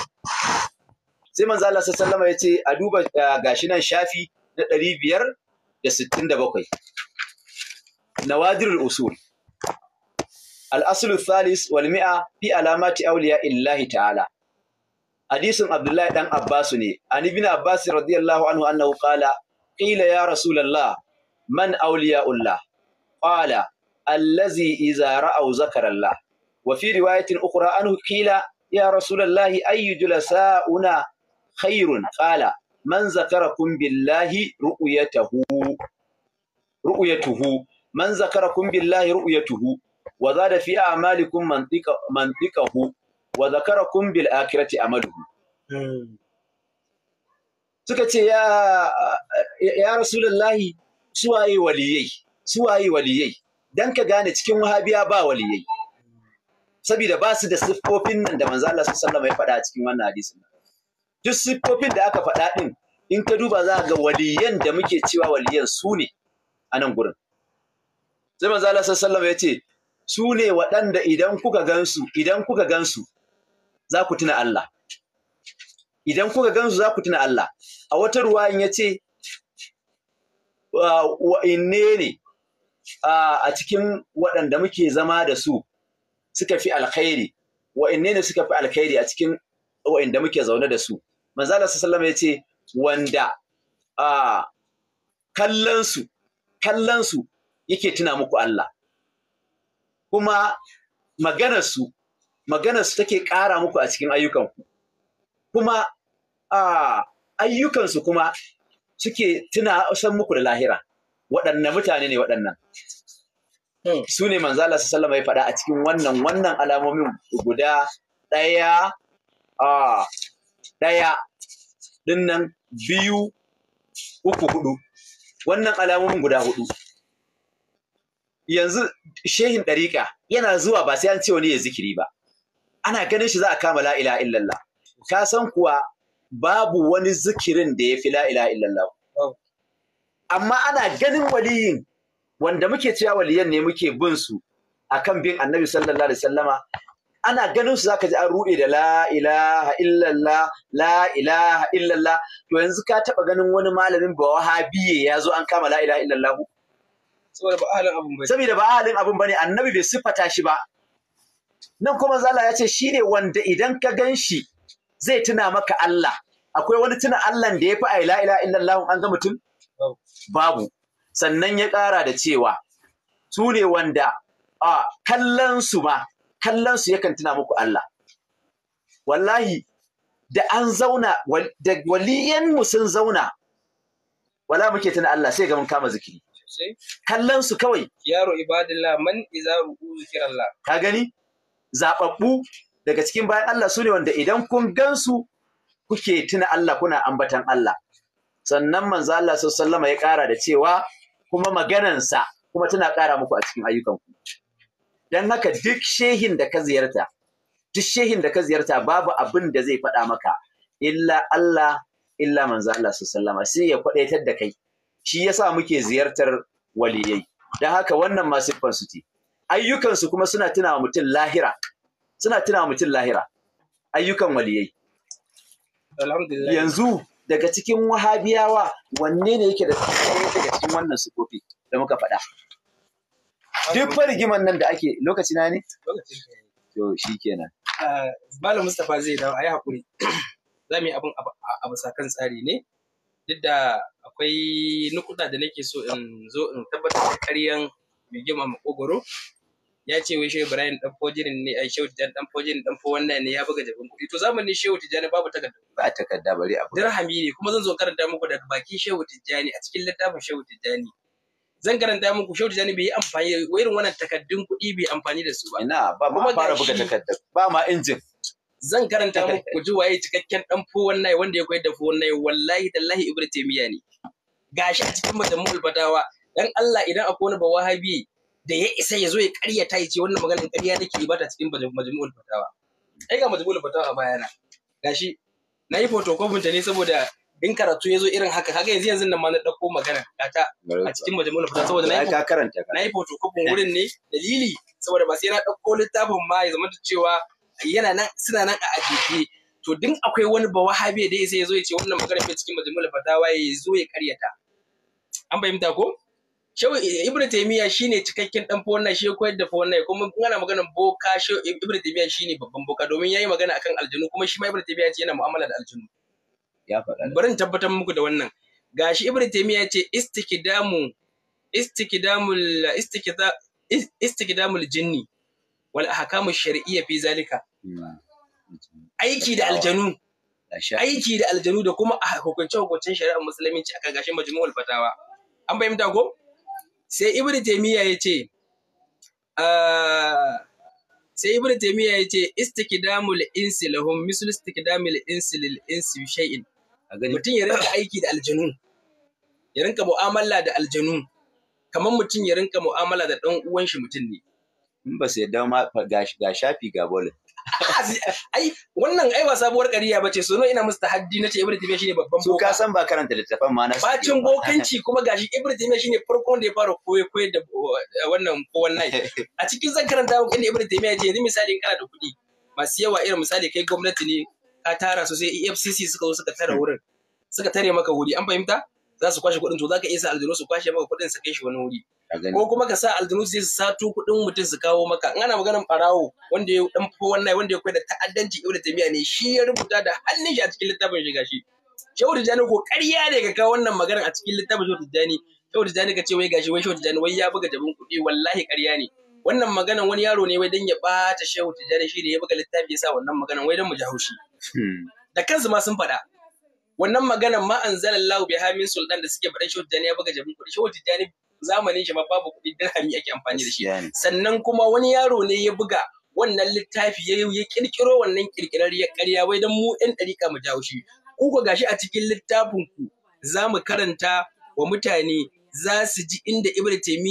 sai manzo Allah sallama ya ce a duba gashi nan shafi na ɗari biyar da sittin da bakwai nawadirul usul al'asulu thalis wal mi'a fi alamati auliya illahi ta'ala hadisin abdullahi dan abbasu ne an ibn abbas radiyallahu anhu annahu qala qila ya rasulullah man awliya'ullah qala allazi idza ra'aw zakarallah wa fi riwayatin ukhra anhu qila ya rasulullah ayyu julasa'una khairun qala man zakarakum billahi ru'yatahu ru'yatuhu man zakarakum billahi ru'yatuhu wa zada fi a'malikum mantiqa mantiqahu wa zakarakum bil akhirati amaluhu hmm. suka ce ya ya suwaye waliyai suwaye waliyai dan ka gane cikin wahabiya ba waliyai saboda ba su da siffofin nan da manzo Allah sallallahu ya faɗa a cikin wannan hadisi duk siffofin da aka faɗa din in ka duba za ga waliyan da muke cewa waliyan su ne a nan gurin sai manzo Allah sallallahu ya ce su ne waɗanda idan kuka gansu idan kuka gansu za ku tuna Allah idan kuka gansu za ku tuna Allah a wata ruwayin ya ce Ah, wa'inne ne ah, a cikin waɗanda muke zama da su suka fi alkhairi wa'inne ne suka fi alkhairi a cikin wa'inda muke zaune da su manzala sallama ya ce wanda ah, kallonsu kallonsu yake tuna muku Allah kuma maganarsu maganarsu take ƙara muku a cikin ayyukanku kuma ayyukansu kuma suke tuna san muku da lahira waɗannan mutane ne waɗannan hmm. su ne manzo Allah sallallahu alaihi faɗa a cikin wannan wannan alamomin guda ɗaya a ɗaya dinnan biyu uku hudu wannan alamomin guda hudu yanzu shehin ɗariƙa yana zuwa ba sai an ce wani ya zikiri ba ana ganin shi za a kama la ilaha illallah ka san kuwa babu wani zikirin da ya fi la ilaha illallah oh. amma ana ganin waliyin wanda muke cewa waliyan ne muke bin su akan bin annabi sallallahu alaihi wasallama ana ganin su zaka ji an ruɗe da la ilaha illallah la ilaha illallah to yanzu ka taba ganin wani malamin ba wahabiye ya zo an kama la ila, illallah saboda ba ahalin abun bane saboda ba ahalin abun bane annabi bai siffata shi ba nan kuma zala ya ce shine wanda idan ka gan shi zai tuna maka Allah akwai wani tuna Allah da ya fi a ila, ilaha illallah an ga mutum babu sannan ya ƙara da cewa su ne wanda a kallonsu ma Kallonsu yakan tuna muku Allah wallahi da an zauna da waliyan sun zauna wala muke tuna Allah sai ga mun kama zikiri Kallonsu kawai yaro ibadillah man iza ru'u Allah. ka gani Zaɓaɓɓu. daga cikin bayan Allah su ne wanda idan kun gansu kuke tuna Allah kuna ambatan Allah sannan manzo Allah sallama ya kara da cewa kuma maganansa kuma tana kara muku a cikin ayyukanku dan haka duk shehin da ka ziyarta duk shehin da ka ziyarta babu abin da zai faɗa maka illa Allah illa manzo Allah sallama sai ya kwadaitar da kai shi yasa muke ziyartar waliyai dan haka wannan ma siffan su ce ayyukansu kuma suna tuna mutum lahira suna tuna mutum lahira ayyukan waliyai yanzu daga cikin wahabiyawa wanne ne yake da daga cikin wannan kofi da muka faɗa duk farigiman nan da ake lokaci na ne to ah, malam mustapha zai dawo ayi hakuri za mu yi abin a bisa tsari ne duk da akwai nukuta da nake so in zo in tabbatar da ƙaryan mai girma makogoro ya ce wai shehu ibrahim dan fojirin ne ai shehu Tijjani dan fojirin dan fo wannan ne ya buga jabin kuɗi to zamanin shehu Tijjani babu takarda ba takarda bari abu dirhami ne kuma zan zo karanta muku daga baki shehu Tijjani a cikin littafin shehu Tijjani zan karanta muku shehu Tijjani bai yi amfani da irin wannan takardun kuɗi bai amfani da su ba ina ba ma fara buga takarda ba ma injin zan karanta muku ku ji waye cikakken dan fo wannan wanda ya koyar da fo wannan wallahi tallahi ibrahim taymiya ne gashi a cikin majmu'ul badawa dan Allah idan akwai wani bawahabi da ya isa ya zo ya karyata ya ce wannan maganar ƙarya nake ba ta cikin majmu'ul fatawa ai ga majmu'ul fatawa a bayana gashi na yi photocopy ta ne saboda in karatu ya zo irin haka kaga yanzu yanzu nan ma na ɗauko magana ta a cikin majmu'ul fatawa saboda na yi karanta na photocopy wurin ne dalili saboda ba sai na ɗauko littafin ma ya zama cewa yana nan suna nan a ajiye to din akwai wani ba wahabi da ya sai ya zo ya ce wannan magana bai cikin majmu'ul fatawa ya zo ya karyata an fahimta ko Shehu Ibn Taymiyyah shine cikakken dan fawannai shi koyar da fawannai kuma in ana magana boka Shehu Ibn Taymiyyah shine babban boka domin yayi magana akan aljinu kuma shi ma Ibn Taymiyyah ce yana mu'amala da aljinu. Ya faɗa. Bari in tabbatar muku da wannan. Gashi Ibn Taymiyyah ce istikdamu istikdamul istikda istikdamul jinni wal ahkamu shar'iyya fi zalika. Aiki da aljanu. Aiki da aljanu da kuma hukunce-hukuncen shari'ar musulunci akan gashi majmu'ul fatawa. An fahimta ko? sai ibnu taymiya yace ah, sai ibnu taymiya yace istikdamul insi lahum misl istikdamil insi lil insi shay'in mutum ya rinka aiki da aljanu ya rinka mu'amala da aljanu kamar mutum ya rinka mu'amala da dan uwan shi mutum ne in ba sai yadda ma ga shafi ga bolin ai wannan ai ba sabuwar ƙariya bace so ina musu tahaddi nace ibnu taymiya shine babban boko su ka san ba karanta littafin ma na bacin bokanci kuma gashi ibnu taymiya shine farkon da ya fara koye koye da eh, wannan ko wannan a cikin zan karanta muku inda ibnu taymiya ce yanzu misali in kana da kuɗi masu yawa irin misali kai gwamnati ne ka tara su sai EFCC suka zo suka tare wurin suka tare maka wuri an fahimta za su kwashe kuɗin to za ka iya sa aljanu su kwashe maka kuɗin su kai shi wani wuri ko kuma ka sa aljanu su su sato kuɗin mutum su kawo maka in ana maganar barawo wanda ya dan fi wannan wanda ya kai da ta'addanci ibnu taymiya ne shi ya rubuta da hannun shi a cikin littafin shi gashi shehu tijani ko ƙarya ne ka kawo wannan maganar a cikin littafin shehu tijani shehu tijani ka ce wai gashi wai shehu tijani wai ya buga jabin kuɗi wallahi ƙarya ne wannan maganan wani yaro ne wai dan ya bata shehu Tijjani shi ne ya buga littafi ya sa wannan maganan wai dan mu ja haushi hmm. da kansu ma sun faɗa wannan maganan ma anzalallahu biha hamin sultan da suke faɗin shehu tijjani ya buga jabin kuɗi shehu tijjani zamanin shi ma babu kuɗi dirhami ake amfani da shi sannan kuma wani yaro ne ya buga wannan littafi ya ya kirkiro wannan kirkirar ya ƙarya wai dan mu 'yan ɗariƙa mu jawo shi ku ga gashi a cikin littafin ku za mu karanta wa mutane za su ji inda ibrahim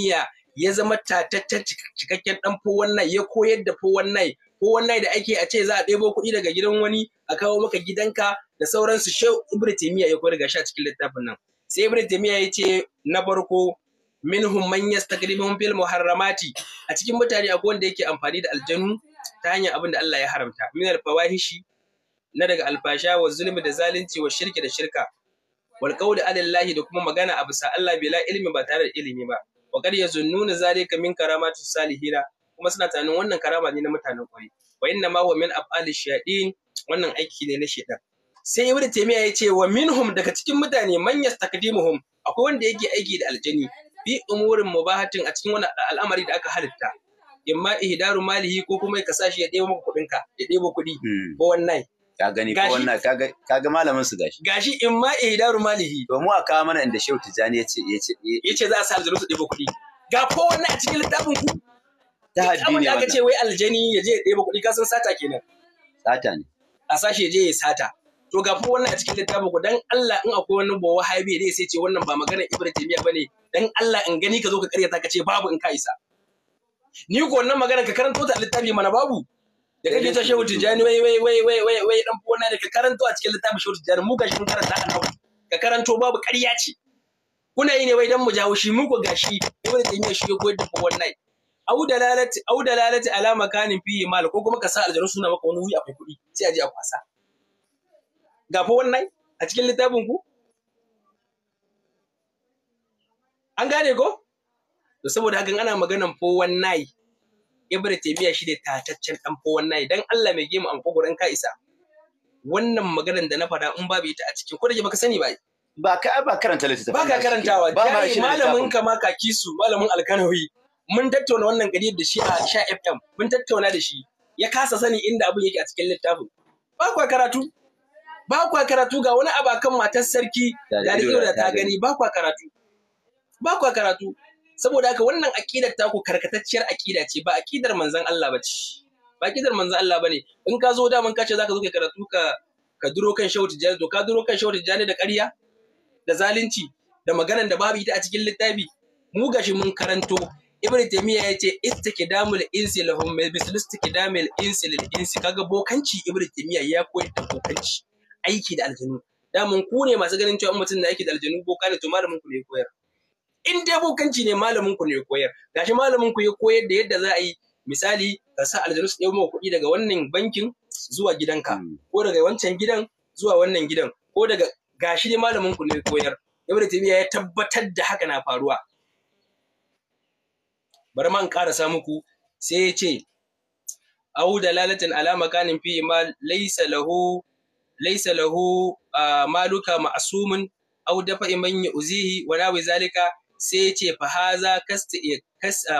ya zama tataccen cikakken ɗan fo ya koyar da fo wannan ko wannan da ake a ce za a ɗebo kuɗi daga gidan wani a kawo maka gidanka da sauransu shehu ibn taymiya ya koyar shi a cikin littafin nan sai ibn taymiya ya ce na farko minhum man yastaqribuhum fil muharramati a cikin mutane akwai wanda yake amfani da aljanu ta hanyar abin da Allah ya haramta min al fawahishi na daga alfasha wa zulmi da zalunci wa shirki da shirka wal qawli alallahi da kuma magana a bisa Allah bila ilmi ba tare da ilimi ba wa qad yazunnuna zalika min karamatu salihina kuma suna tunanin wannan karama ne na mutanen ƙwari wa inna ma wa min af'ali shayatin wannan aiki ne na shaitan sai ibnu taymiya ya ce wa minhum daga cikin mutane man yastakdimuhum akwai wanda yake aiki da aljani bi umurin mubahatin a cikin wani al'amari da aka halitta imma ihdaru malihi ko kuma ka sashi ya ɗebo maka kuɗinka ya ɗebo kuɗi ko hmm. wannan ka gani ko wannan ka ga malamin su gashi gashi imma ihdaru malihi to mu aka mana inda Shehu Tijani yace yace yace za a sa aljanu su ɗebo kuɗi ga ko wannan a cikin littafin ku ta haddi ne aka ce wai aljani ya je ya ɗeba kuɗi ka san sata kenan sata ne a sashi ya je ya sata to ga fa wannan a cikin littafin ku dan Allah in akwai wani bawa haibe dai sai ce wannan ba maganar Ibn Taymiyyah bane dan Allah in gani ka zo ka ta ka ce babu in ka isa ni ko wannan maganar ka karanto ta littafi mana babu da kake ta shehu tijani wai wai wai wai wai wai dan wannan da ka karanto a cikin littafin shehu tijani mu ga mun karanta a nan ka karanto babu ƙarya ce kuna yi ne wai dan mu jawo shi mu ko gashi Ibn Taymiyyah shi ya koyar da wannan au dalalati au dalalati ala makanin fihi mal ko kuma ka sa aljanu suna maka wani wuri akwai kuɗi sai a je a kwasa ga fa wannan a cikin littafin ku an gane ko to saboda hakan ana maganan fo wannan ibra taymiya shi ne tataccen dan fo wannan dan Allah mai gemu an kokorin ka isa wannan maganar da na faɗa in babu ita a cikin ko da ke baka sani ba ba ka ba karanta littafin ba ka karantawa ba malamin ka ma kaki su malamin alkanawi mun tattauna wannan gari da shi a sha fm mun tattauna da shi ya kasa sani inda abin yake a cikin littafin ba kwa karatu ba kwa karatu ga wani abakan matar sarki da ido da ta gani ba kwa karatu ba kwa karatu saboda haka wannan akidar ku karkatacciyar akida ce ba akidar manzon Allah ba ce ba akidar manzon Allah bane in ka zo da mun kace zaka zo ka karatu ka ka duro kan shawtu jani to ka duro kan shawtu jani da ƙarya da zalunci da maganan da babu ita a cikin littafi mu gashi mun karanto ibn taymiya ya ce istikdamul insi lahum mislu istikdamil insi lil insi kaga bokanci ibn taymiya ya koyar da bokanci aiki da aljanu mun ku ne masu ganin cewa mutum na aiki da aljanu boka ne to malamin ku ne koyar in dai bokanci ne malamin ku ne koyar gashi malamin ku ya koyar da yadda za a yi misali ka sa aljanu su ɗauko kuɗi daga wannan bankin zuwa gidanka ko daga wancan gidan zuwa wannan gidan ko daga gashi ne malamin ku ne koyar ibn taymiya ya tabbatar da haka na faruwa bari man in karasa muku sai ya ce au dalalatin ala makanin fi ma laysa lahu laysa lahu maluka ma'sumun au dafa man yuzihi wa nawi zalika sai ya ce fa haza kasti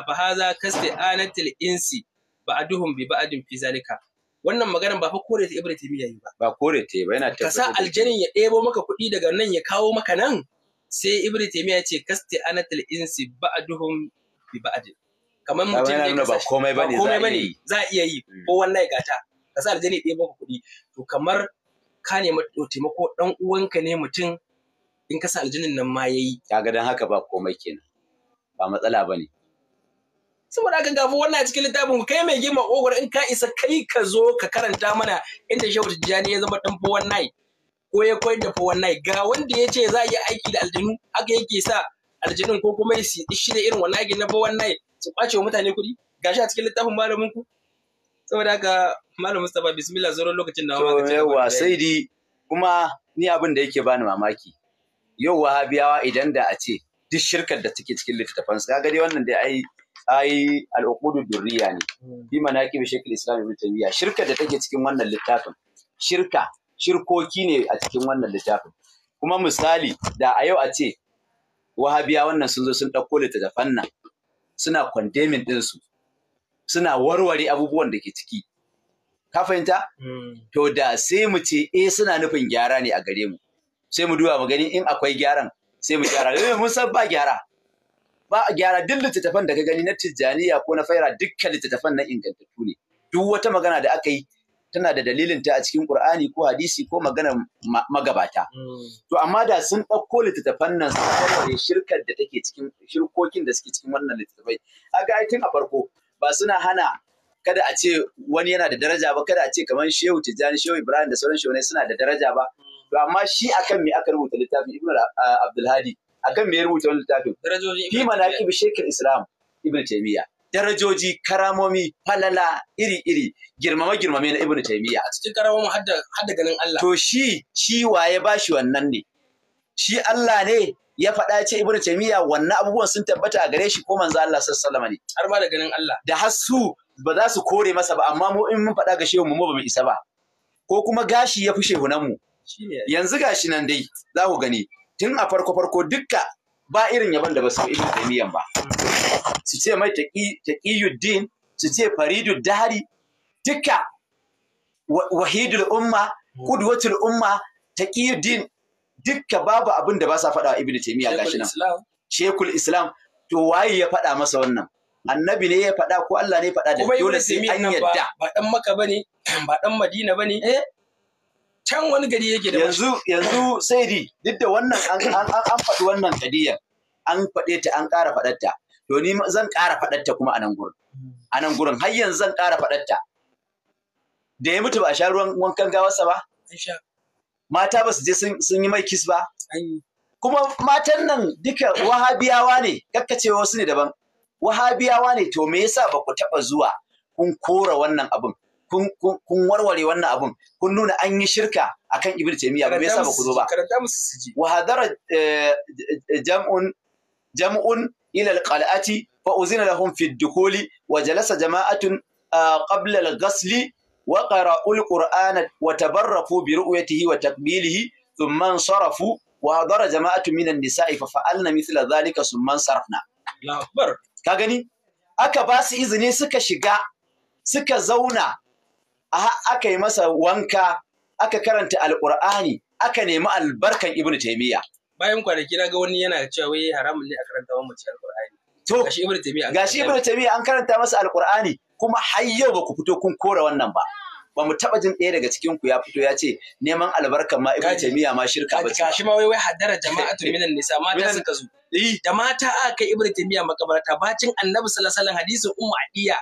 fa haza kasti anatil insi ba'aduhum bi ba'din fi zalika wannan maganar ba fa kore ta Ibrahim ya yi ba ba kore ta ba yana tabbatar ka sa aljanin ya ɗebo maka kuɗi daga nan ya kawo maka nan sai Ibrahim ya ce kasti anatil insi ba'aduhum bi ba'adin kamar mutum ne ba komai bane komai bane za a iya yi hmm. ko wannan gata ka sa aljani ɗaya maka kuɗi to kamar ka nemi taimako dan uwanka ne mutum in ka sa aljinin nan ma yayi kaga dan haka ba komai kenan ba matsala bane saboda haka gafu wannan a cikin littafin kai mai gima ogwar in ka isa kai ka zo ka karanta mana inda shehu tijjani ya zama dan fowan nai ko ya koyar da fowan nai ga wanda ya ce za a yi aiki da aljanu haka yake sa aljanun ko kuma ya shi da irin wannan aiki na fowan nai su kwace wa mutane kuɗi gashi a cikin littafin malamin ku saboda haka malam Mustapha bismillah zoro lokacin da wa yawa sai dai kuma ni abin da yake bani mamaki yau wahabiyawa idan da a ce duk shirkar da take cikin littattafan su kaga dai wannan dai ai ai al'uqudu durriya ne bi hmm. manaqib shekul islam ibn taymiya shirkar da take cikin wannan littafin shirka shirkoki ne a cikin wannan littafin kuma misali da a yau a ce wahabiya wannan sun zo sun ɗauko littattafan nan suna kwantemin ɗinsu suna warware abubuwan da ke ciki ka fahimta hmm. to da sai mu ce e suna nufin gyara ne a gare mu sai mu duba mu gani in akwai gyaran sai mu gyara eh mun san ba gyara ba gyara duk littattafan da ka gani na tijjaniya ko na faira dukkan littattafan na ingantattu ne duk wata magana da aka yi tana da dalilin ta a cikin Qur'ani ko hadisi ko magana magabata. To amma da sun ɗauko littattafan nan sun shirkar da take cikin shirkokin da suke cikin wannan littattafai. A ga tun a farko ba suna hana kada a ce wani yana da daraja ba kada a ce kamar Shehu Tijjani Shehu Ibrahim da sauran shehunai suna da daraja ba. To amma shi akan me aka rubuta littafin Ibn ah, Hadi akan me ya rubuta littafin? Fi manaqib Sheikh Islam Ibn Taymiyyah. darajoji karamomi falala iri-iri girmama girmame na ibnu taymiya a cikin karamomi har da ganin Allah to shi shi waye shi wannan ne shi Allah ne ya faɗa ce ibnu taymiya wannan abubuwan sun tabbata a gare shi ko manzo Allah sallallahu alaihi wasallam ne har ma da ganin Allah da hasu ba za su kore masa ba amma mu in mun faɗa ga shehu mu ba mu isa ba ko kuma gashi ya fushe hunan mu yanzu gashi nan dai za ku gani tun a farko farko dukka ba irin yaban da ba su ibnu taymiyan ba hmm. su ce mai taqiyuddin su ce faridu dari, duka wahidul umma kudwatul hmm. umma taqiyuddin duka babu abin da ba sa faɗa wa taimiyya ga shi nan shekul islam to waye ya faɗa masa wannan annabi ne ya faɗa ko Allah ne ya faɗa da dole sai an yadda ba dan maka bane ba dan madina bane eh can wani gari yake da yanzu yanzu sai duk da wannan an faɗi wannan kadiyar an faɗe ta an ƙara faɗar ta to ni zan ƙara faɗarta kuma a nan gurin a nan gurin har yanzu zan ƙara faɗarta da ya mutu ba a sha ruwan wankan gawarsa ba mata ba su je sun yi mai kis ba kuma matan nan duka wahabiyawa ne kakkacewa wasu ne daban wahabiyawa ne to me yasa ba ku taɓa zuwa kun kora wannan abin kun warware wannan abin? kun nuna an yi shirka akan ibnu taymiya ba me yasa ba ku zo ba Wahadara eh, jam'un ila alqal'ati fa uzina lahum fi dukuli wa jalasa jama'atun qabla al-ghasli wa qara'u al-qur'ana wa tabarrafu bi ru'yatihi wa taqbilihi thumma insarafu wa hadara jama'atun minan nisa'i fa fa'alna mithla dhalika thumma sarafna ka gani aka ba su izini suka shiga suka zauna a aka yi masa wanka aka karanta alqur'ani aka nemi albarkan ibnu taymiya bayan kwanaki na ga wani yana cewa wai haramun ne a karanta wa mace alkur'ani to gashi ibnu ibnu an karanta masa alkur'ani kuma har yau ba ku fito kun kora wannan ba ba mu taba jin ɗaya daga cikin ku ya fito ya ce neman albarkan ma ibnu taymiya ma shirka ba shi ma wai wai haddara jama'atu minan nisa mata suka zo eh. da mata aka kai ibnu taymiya makabarta bacin annabi sallallahu alaihi wasallam hadisin ummu adiya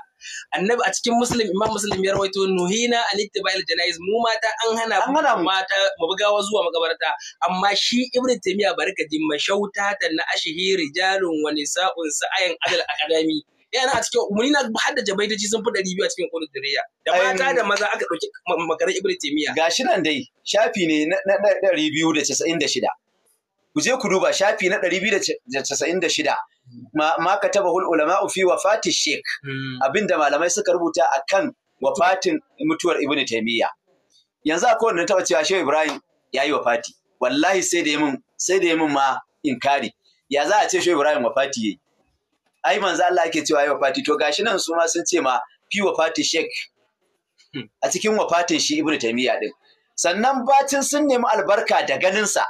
annabi a cikin muslim imam muslim ya rawaito nuhina an ittiba'il Janayiz, mu mata an hana mu mata mu bugawa zuwa makabarta amma shi ibnu taymiya barka jin Shautata, na Ashiri, rijalun wa nisa'un sa'ayan adal akadami yana a cikin muni na har da da sun fi ɗari biyu a cikin kodin tarayya da mata da maza aka ɗauki makarar ibn taimiya ga shi nan dai shafi ne na ɗari biyu da casa'in da shida ku je ku duba shafi na ɗari biyu da casa'in da shida ma ka taba hul ulama fi wafati sheik hmm. abinda malamai suka rubuta akan wafatin mutuwar ibn taymiya yanzu akwai wanda taɓa cewa shehu ibrahim ya yi wafati wallahi sai da yi min sai da yi ma inkari ya za a ce shehu ibrahim wafati yayi ai manzo Allah yake cewa yi fati. to gashi nan su ma sun ce ma fi fati shek a cikin wafatin shi ibnu taymiya din sannan bacin sun nemi albarka da ganinsa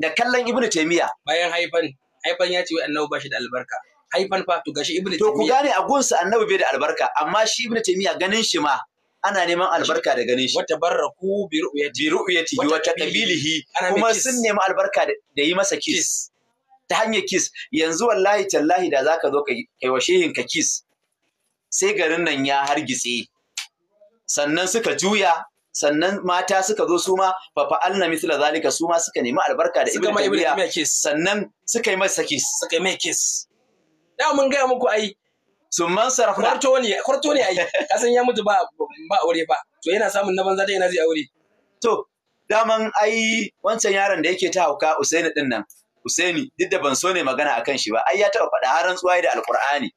da kallon ibnu taymiya bayan haifan haifan ya ce wa annabi ba shi da albarka haifan fa to gashi ibnu taymiya to ku gane a gunsa annabi bai da albarka amma shi ibnu taymiya ganin shi ma ana neman albarka da ganin shi wata barraku bi ru'yati bi ru'yati wa taqbilihi kuma sun nemi albarka da yi masa kiss ta hanyar kis yanzu wallahi tallahi da zaka zo kai wa shehin ka kis sai garin nan ya hargitse sannan suka juya sannan mata suka zo su ma fa fa'alna mithla zalika su ma suka nemi albarka da ibnu taymiya sannan suka yi masa kis suka yi mai kis da mun ga muku ai sun man sarafna kwarto ne kwarto ne ai kasan ya mutu ba ba aure ba to yana samun na banza da yana zai aure to daman ai wancan yaron da yake ta hauka Usaini din nan Husaini duk da ban so ne magana akan shi ba ai ya taba faɗa har rantsuwa da Alƙur'ani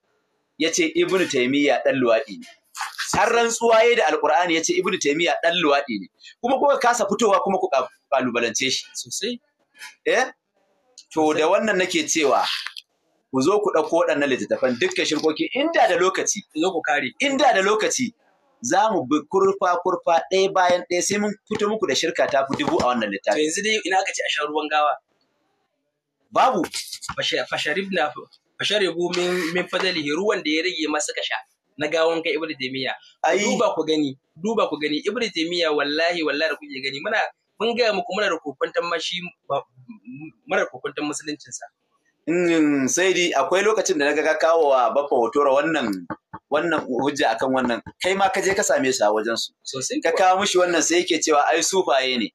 yace Ibn Taymiyyah dan luwaɗi ne har rantsuwa da Alƙur'ani yace Ibn Taymiyyah dan luwaɗi ne kuma kuka kasa fitowa kuma ku kalubalance shi sosai eh to da wannan nake cewa ku zo ku ɗauko waɗannan littattafan dukkan shirkoki inda da lokaci zo ku kare inda da lokaci za mu bi kurfa kurfa ɗaya bayan ɗaya sai mun fito muku da shirka ta fi dubu a wannan littafin. To yanzu dai ina ka ce a sha ruwan gawa. babu fasharibna fasharibu min min fadlihi ruwan da ya rage masa kasha na gawon kai ibnu taymiya duba ku gani duba ku gani ibnu taymiya wallahi wallahi da kuke gani muna mun ga muku muna da mashi muna kokuntan musuluncin sa mm, sai dai akwai lokacin da naga ka kawo wa baffa hotora wannan wannan hujja akan wannan kai ma ka je ka same su a wajen su ka kawo mishi wannan sai yake cewa ai sufaye ne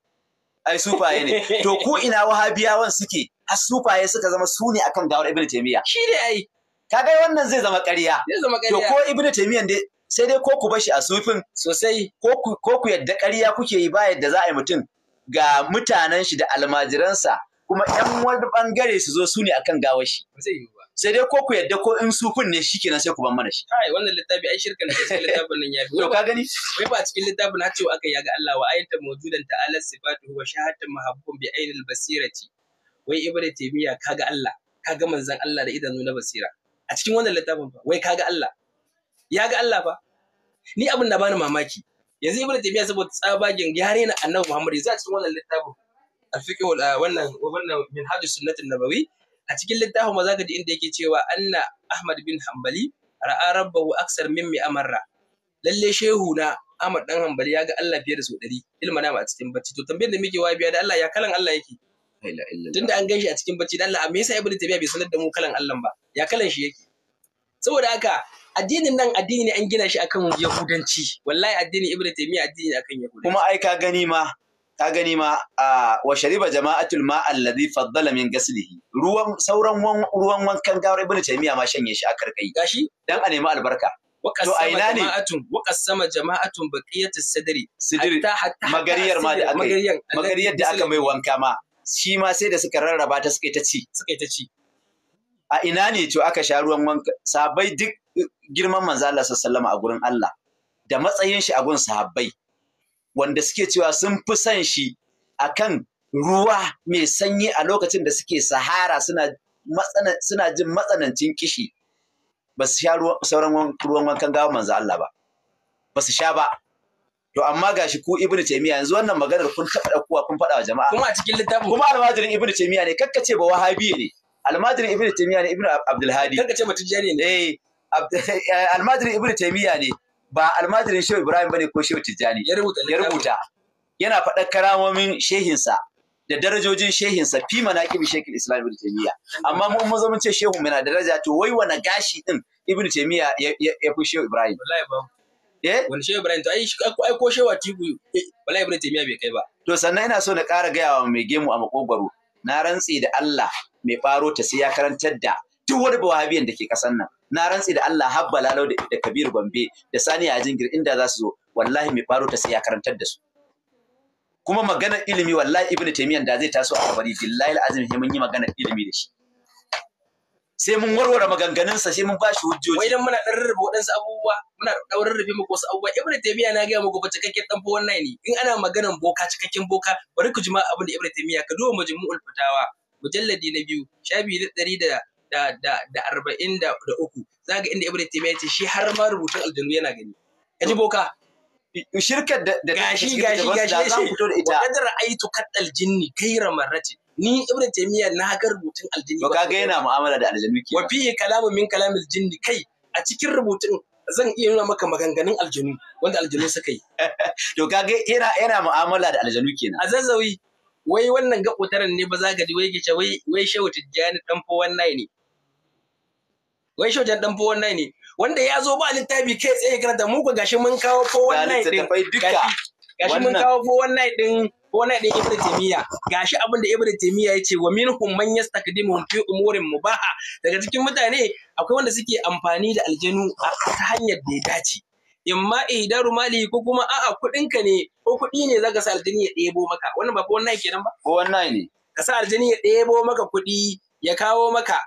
ai sufaye ne to ku ina wahabiyawan suke har sufaye suka zama su akan gawar ibnu taymiya shi ne ai kaga wannan zai zama ƙarya zai to ko ibnu taymiya dai sai dai ko ku bashi a sufin sosai ko ku ko ku yadda ƙarya kuke yi ba yadda za a yi mutum ga mutanen shi da almajiransa kuma ƴan wani bangare su zo su ne akan gawar shi sai dai ko ku yadda ko in su ne shi kenan sai ku ban mana shi. Kai wannan littafi ai shirka ne sai littafin nan ya bi. To ka gani? Wai ba cikin littafin ce cewa aka yaga Allah wa ayatan mawjudan ta'ala sifatuhu wa shahatan mahabbun bi ainil basirati. Wai ibnu taymiya kaga Allah, kaga manzon Allah da idanu na basira. A cikin wannan littafin fa wai kaga Allah. Ya ga Allah fa. Ni abin da bani mamaki. Yanzu ibnu taymiya saboda tsabagen gyare na Annabi Muhammad yanzu a cikin wannan littafin. Alfiqh wannan wannan min hadu sunnatin nabawi a cikin littafin ma zaka ji inda yake cewa anna ahmad bin hanbali ra'a rabbahu aksar min mi amarra lalle shehu na ahmad dan hanbali ya ga Allah fiye da su ɗari ilma na a cikin bacci to tambayar da muke wabiya da Allah ya kalan Allah yake tunda an gan shi a cikin bacci dan Allah me yasa ibnu tabiya bai sanar da mu kalan Allah ba ya kalan shi yake saboda haka addinin nan addini ne an gina shi akan yahudanci wallahi addinin ibnu taymiya addini akan yahudanci kuma ai ka gani ma ka gani ma a wa shariba jama'atul ma allazi faddala min gaslihi ruwan sauran ruwan wankan gawar ibnu taymiya ma shanye shi a karkai gashi dan a nemi albarka to a ina ne wa qasama jama'atun baqiyatu sadri sidri magariyar ma da aka magariyar da aka mai wanka ma shi ma sai da suka rarraba ta suka ta ci suka ta ci a ina ne to aka sha ruwan wanka sabai duk girman manzo Allah sallallahu alaihi wasallam a gurin Allah da matsayin shi a gurin sahabbai wanda suke cewa sun fi son shi akan ruwa mai sanyi a lokacin da suke sahara suna jin matsanancin kishi ba su sha sauran ruwan wankan gawa manzo Allah ba ba su sha ba to amma gashi ku ibnu taymiya yanzu wannan maganar kun taɓa ɗaukowa kun faɗa wa jama'a kuma a cikin littafin kuma almajirin ibnu taymiya ne kakkace ba wahabi ne almajirin ibnu taymiya ne ibnu abdul hadi kakkace Tijjani ne eh, eh almajirin ibnu taymiya ne ba almajirin shehu ibrahim bane ko shehu tijjani ya rubuta yana faɗar karamomin sa da darajojin shehin sa fi manaqib shekul islam ibn taymiya amma mu mun zo mun ce shehu muna daraja to wai wani gashi din ibn taymiya ya fi shehu ibrahim wallahi ba eh wani shehu ibrahim to ai ai ko shehu atiku eh, wallahi ibn taymiya bai kai ba to sannan ina so na ƙara gaya wa mai gemu a makogwaro na rantsi da Allah mai faro ta sai ya karantar da duk wani bawabiyan da ke kasan nan na rantse da Allah habba lalo da Kabiru Gombe da Sani Ajingir inda za su zo wallahi mai faro ta sai ya karantar da su kuma maganar ilimi wallahi ibnu taymiyan da zai taso a kabari billahi alazim sai mun yi maganar ilimi da shi sai mun warware maganganun sa sai mun bashi hujjoji wai dan muna dan rarrabe wadansu abubuwa muna dan rarrabe muku wasu abubuwa ibnu Taymiyyah na ga muku ba cikakken dan fa nine in ana maganar boka cikakken boka bari ku jima abin da ibnu Taymiyyah ka duba majmu'ul fatawa mujalladi na biyu shabi ɗari da da da arba'in da uku za ga inda ibn taymiya ce shi har ma rubutun aljanu yana gani kaji boka shirkar da da gashi gashi gashi za fito da ita wa kadar aitu kaddal jinni kaira marrati ni ibn taymiya na ga rubutun aljinni ba kaga yana mu'amala da aljanu ke wa fi kalamu min kalamil jinni kai a cikin rubutun zan iya nuna maka maganganun aljanu wanda aljanu suka yi to kaga yana yana mu'amala da aljanu kenan a zazzawi wai wannan gakotaran ne ba za ka ji wai gice wai wai shehu tijjani dan fo wannan ne wai shi wajen dan fowar ne wanda ya zo ba littafi kai tsaye karanta mu ko gashi mun kawo fowar nai din gashi mun kawo fowar nai din fowar nai din ibnu taymiya gashi abin da ibnu taymiya ce wa minhum man yastakdimu fi umurin mubaha daga cikin mutane akwai wanda suke amfani da aljanu ta hanyar da ya dace imma idaru mali ko kuma a'a kuɗinka ne ko kuɗi ne zaka sa aljani ya ɗebo maka wannan ba fowar nai kenan ba fowar nai ne ka sa aljani ya ɗebo maka kuɗi ya kawo maka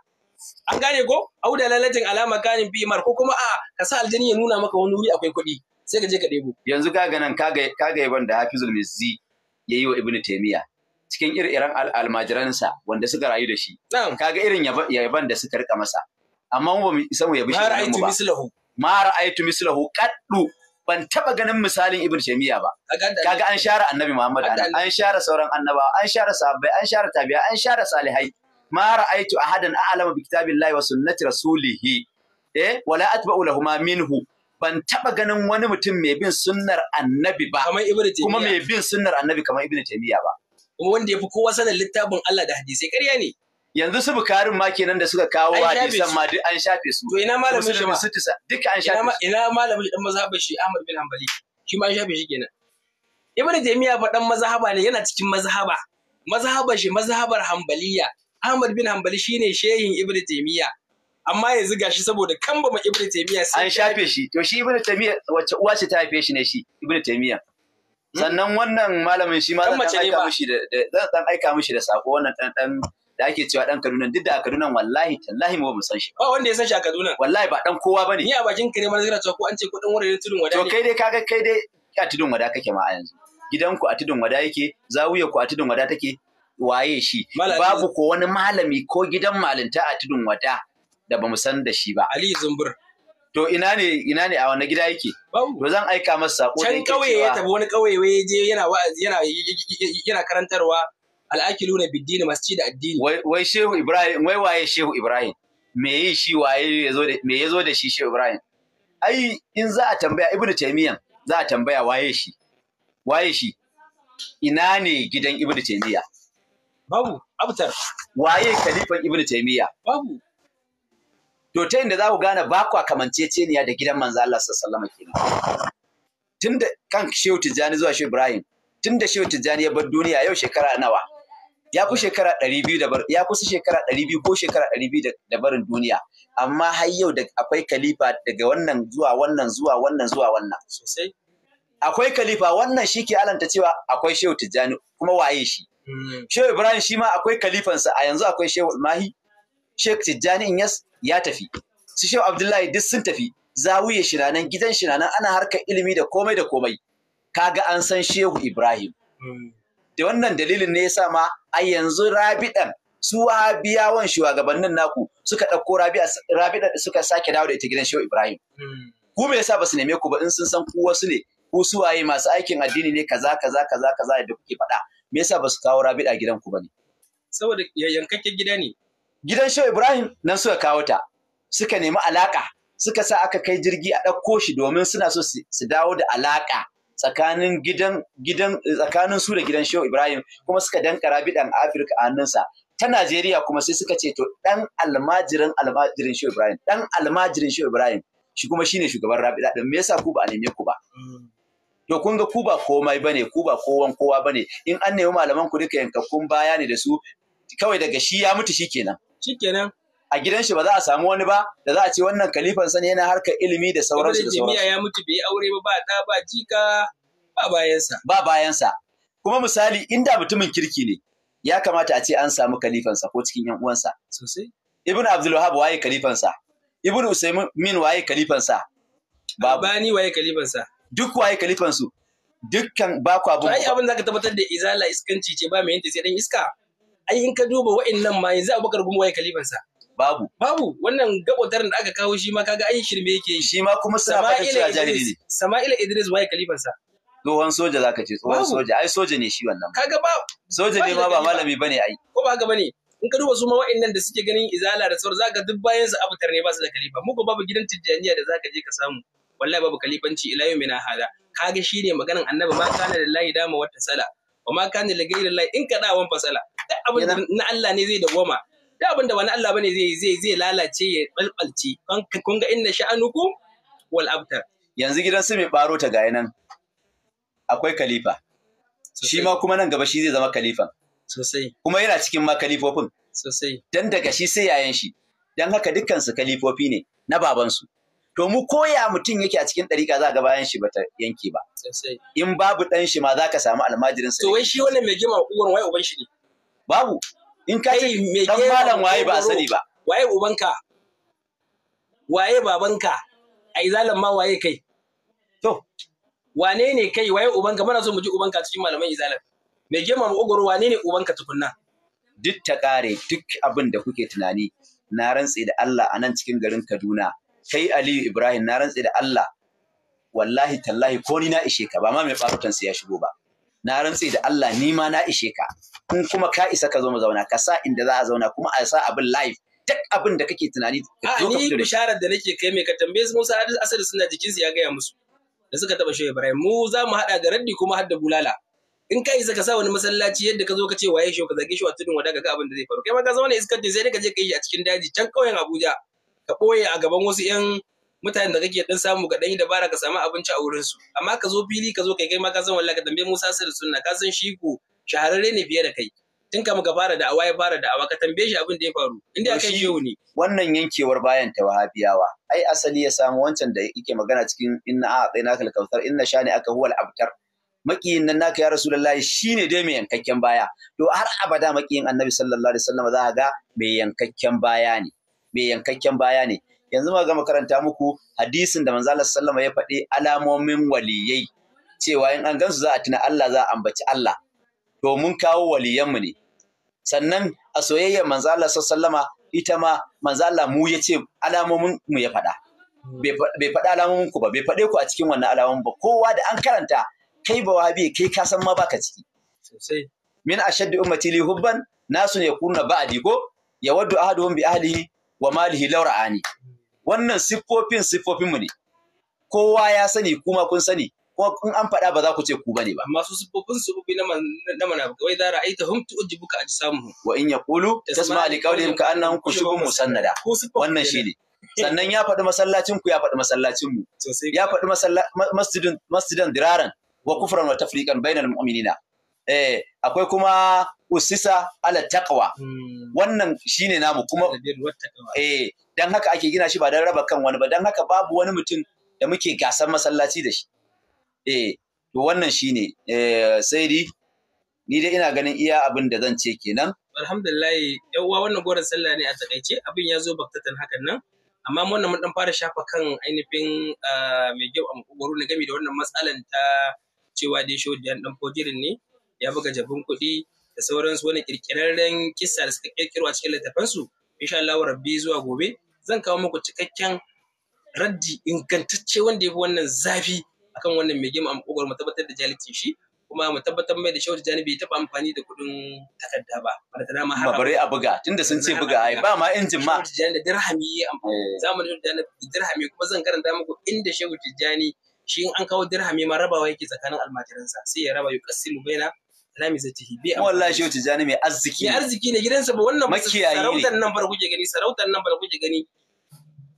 an gane ko au da lalatin alama kanin bi mar ko kuma a ka sa aljini ya nuna maka wani wuri akwai kuɗi sai ka je ka ɗebo yanzu kaga nan kaga kaga yaban da Hafizul Mizzi yayi wa Ibn Taymiyyah cikin ire-iren almajiransa wanda suka rayu da shi kaga irin yaban da suka rika masa amma mu ba mu isa mu yabi shi ba ma ra'aytu mislahu qaddu ban taba ganin misalin Ibn Taymiyyah ba. Kaga an share Annabi Muhammad an share sauran annaba, an share sahabbai, an share tabi'a, an share salihai. ma ra'aitu ahadan a'lama bi kitabillahi wa sunnati rasulih eh wala atba'u lahuma minhu ban taba ganin wani mutum mai bin sunnar annabi ba kuma mai bin sunnar annabi kamar ibnu taymiya ba kuma wanda yafi kowa sanin littafin Allah da hadisi ƙarya ne yanzu su bukarin ma kenan da suka kawo hadisan ma duk an shafe su. To ina malamin shi ma. Duka an shafe su. Ina malamin dan mazhabi shi Ahmad bin Hanbali. Shi ma an shafe shi kenan. ibnu taymiya fa dan mazhaba ne yana cikin mazhaba. Mazhaba shi mazhabar Hanbaliya Ahmad bin Hanbali shine shehin Ibn Taymiyya amma yanzu gashi saboda kan ba ma Ibn Taymiyya sai an shafe shi to shi Ibn Taymiyya wacce uwa ce ta haife shi ne shi Ibn Taymiyya hmm? sannan wannan malamin shi ma zan aika mishi da zan aika mishi da sako wannan dan dan da ake cewa dan Kaduna duk da a Kaduna wallahi tallahi mu ba mu san shi ba wanda ya san shi a Kaduna wallahi ba dan kowa bane ni a bakin kare ma zira cewa ko an ce ko dan wurin tudun wada to kai dai kaga kai dai a tudun wada kake ma a yanzu gidanku a tudun wada yake zawiya ku a tudun wada take waye shi babu ko wani malami ko gidan malinta a tudun wada da bamu san da shi ba ali zumbur to ina ne ina ne a wani gida yake to zan aika masa sako da kauye ya tafi wani kauye ya je yana yana yana karantarwa al'akiluna biddini masu da addini wai shehu ibrahim wai waye shehu ibrahim me yi shi waye yazo da me yazo da shi shehu ibrahim ai in za a tambaya ibnu taymiyan za a tambaya waye shi waye shi ina ne gidan ibnu taymiya babu abtar waye khalifan Ibn Taymiyya? babu to ta inda za ku gane ba kwa kamanceceniya da gidan manzo Allah sallallahu alaihi wasallam tunda kan Shehu Tijjani zuwa Shehu Ibrahim tunda Shehu Tijjani ya bar duniya yau shekara nawa ya fi shekara ɗari biyu da bar ya kusa shekara ɗari biyu ko shekara ɗari biyu da barin duniya amma har yau da akwai kalifa daga wannan zuwa wannan zuwa wannan zuwa wannan sosai akwai kalifa wannan shi ke alanta cewa akwai Shehu Tijjani kuma waye shi Shehu Ibrahim shi ma akwai kalifansa a yanzu akwai Shehu Ulmahi, Shehu Tijjani Inyas ya tafi. Su Shehu Abdullahi duk sun tafi. Zawiye shiranan gidan shiranan ana harkar ilimi da komai da komai. Ka ga an san Shehu Ibrahim. Da wannan dalilin ne yasa ma a yanzu Rabi'an su Wahabiyawan shugabannin naku suka ɗauko Rabi'an suka sake dawo da ita gidan Shehu Ibrahim. Ku me yasa ba su neme ku ba in sun san ku wasu ne ku suwaye masu aikin addini ne kaza kaza kaza kaza da kuke faɗa. me yasa ba su kawo rabi a gidan ku bane saboda yankakken gida ne gidan Shehu Ibrahim nan suka kawo ta suka nemi alaka suka sa aka kai jirgi a ɗauko shi domin suna so su dawo da alaka tsakanin gidan gidan tsakanin su da gidan Shehu Ibrahim kuma suka danka rabi dan Afirka a sa. ta Najeriya kuma sai suka ce to dan almajirin almajirin Shehu Ibrahim dan almajirin Shehu Ibrahim shi kuma shine shugaban rabi din me yasa ku ba a neme ku ba mm. To kun ga ku ba komai bane ku ba kowan kowa bane in an nemi malaman ku duka yankakkun baya ne da su kawai daga shi ya mutu shikenan shikenan a gidan shi ba za a samu wani ba da za a ce wannan kalifan sani yana harkar ilimi da sauransu da jami'a ya mutu bai aure ba ba da ba jika ba bayansa ba bayansa kuma misali inda mutumin kirki ne ya kamata a ce an samu kalifansa ko cikin yan uwansa sosai ibn abdul wahab waye kalifansa ibn usaymin waye sa babani waye kalifansa duk waye kalifan su dukkan ba ku abu ai abin da ka tabbatar da izala iskanci ce ba mai yanta sai dan iska ai in ka duba wa'annan ma yanzu Abubakar gumo waye kalifan sa babu babu wannan gabotar da aka kawo shi ma kaga ai shirme yake shi ma kuma suna fata cewa jahili ne Sama'ila Idris waye kalifan sa tsohon soja zaka ce tsohon soja ai soja ne shi wannan kaga ba soja ne ma ba malami bane ai ko ba ga bane in ka duba su ma wa'annan da suke ganin izala da sauran zaka duk bayan su abutar ne ba su da kalifa mu ko babu gidan tijjaniya da zaka je ka samu wallahi babu kalifanci ila yau mina hada kaga shine maganan annabi ma kana lillahi dama wata sala wa ma kana li ghayri lillahi in kada wan fasala duk abin da na Allah ne zai dawoma duk abin da wani na Allah bane zai zai zai lalace ya balbalci kun ga inna sha'anukum wal abtar yanzu gidan su mai baro ta ga nan akwai khalifa shi ma kuma nan gaba shi zai zama khalifan sosai kuma yana cikin ma khalifofin sosai dan daga shi sai yayan shi dan haka dukkan su khalifofi ne na babansu to mu koya mutum yake a cikin ɗariƙa za ga bayan shi ba ta yanke ba in babu ɗan shi ma za ka samu almajirin sa to wai shi wannan mai gima uwar waye uban shi ne babu in ka ce dan malam waye ba sani ba waye ubanka waye babanka a zalan ma waye kai to wane ne kai waye ubanka muna so mu ji ubanka cikin malaman izalan mai gima ugoro wane ne ubanka tukunna duk ta kare duk abin da kuke tunani na rantse da Allah a nan cikin garin Kaduna kai Aliyu Ibrahim na rantse da Allah wallahi tallahi ko ni na ishe ka ba ma mai sai ya shigo ba na rantse da Allah ni ma na ishe ka kun kuma ka isa ka zo mu zauna ka sa inda za a zauna kuma a sa abin live duk abin da kake tunani a ni bisharar da nake kai mai ka tambaye su Musa Asad suna jikin su ya gaya musu da suka taba Shehu Ibrahim mu za mu hada da raddi kuma hadda bulala in ka isa ka sa wani masallaci yadda ka zo ka ce waye shi ka zage shi wa tudun wada ga abin da zai faru kai ma ka zauna ne iskar sai dai ka je ka yi a cikin daji can kauyen Abuja ka ɓoye a gaban wasu 'yan mutanen da kake dan samu ka dan yi dabara ka samu abinci a wurin su amma ka zo fili ka zo kai kai ma ka san wallahi ka tambaye Musa sai da sunna ka san shi ko shahararre ne fiye da kai tun kama ka fara da'awa ya fara da'awa ka tambaye shi abin da ya faru inda aka yi ne wannan yankewar bayan ta wahabiyawa ai asali ya samu wancan da yake magana cikin inna a tsaina kal kautar inna shani aka huwal abtar makiyin nan naka ya rasulullahi shine dai mai yankakken baya to har abada makiyin annabi sallallahu alaihi wasallam za ga mai yankakken baya ne mai yankakken baya ne yanzu ma gama karanta muku hadisin da manzo Allah sallama ya faɗi alamomin waliyai cewa in an gansu za a tuna Allah za a ambaci Allah to mun kawo waliyanmu ne sannan a soyayyar manzo Allah sallama ita ma manzo Allah mu ce alamomin mu ya faɗa bai faɗa alamomin ku ba bai faɗe ku a cikin wannan alamomin ba kowa da an karanta kai ba wabi kai ka san ma baka ciki sosai min ashaddi ummati li hubban nasun yakuna ba'adi ko yawaddu ahaduhum bi ahlihi wa malihi Ani, wannan siffofin siffofinmu ne kowa ya sani kuma kun sani ko in an faɗa ba za ku ce ku bane ba masu siffofin siffofi na munafiki wai zara aita hum tu'jibuka samu. wa in yaqulu tasma li qawlihim ka annahum kushubun musannada wannan shine sannan ya faɗi masallacin ku ya faɗi masallacin mu ya faɗi masjidin masjidan diraran wa kufran wa tafriqan bainal mu'minina eh akwai kuma usisa ala taqwa hmm. wannan shine namu kuma eh dan haka ake gina shi ba dan raba kan wani ba dan haka babu wani mutum da muke gasar masallaci da shi eh to wannan shine eh sai dai ni dai ina ganin iya abin da zan ce kenan alhamdulillah Yau uwa wannan goren sallah ne a takaice abin ya zo baktatan hakan nan amma wannan mun dan fara shafa kan ainihin ah, mai gyau a makogwaro ne game da wannan matsalan ta cewa dai shodiyan dan dan fojirin ne ya buga jabin kuɗi da sauransu wani kirkirarren kisa da suka ƙirƙiro a cikin littafansu insha Allah rabbi zuwa gobe zan kawo muku cikakken raddi ingantacce wanda ya fi wannan zafi akan wannan mai gima a makogar mu tabbatar da jahilci shi kuma mu tabbatar mai da shawarar janibi taɓa amfani da kuɗin takarda ba ba da dama har bare a buga tunda sun ce buga ai ba ma injin ma shawar jani da dirhami ya amfani eh. zamu da janibi dirhami kuma zan karanta muku inda shawar jani shi in an kawo dirhami ma rabawa yake tsakanin almajiransa sai ya raba yuqassimu baina na mizatihi bi wallahi shehu tijani mai arziki mai arziki ne gidansa ba wannan sarautar nan bar kuke gani sarautar nan bar kuke gani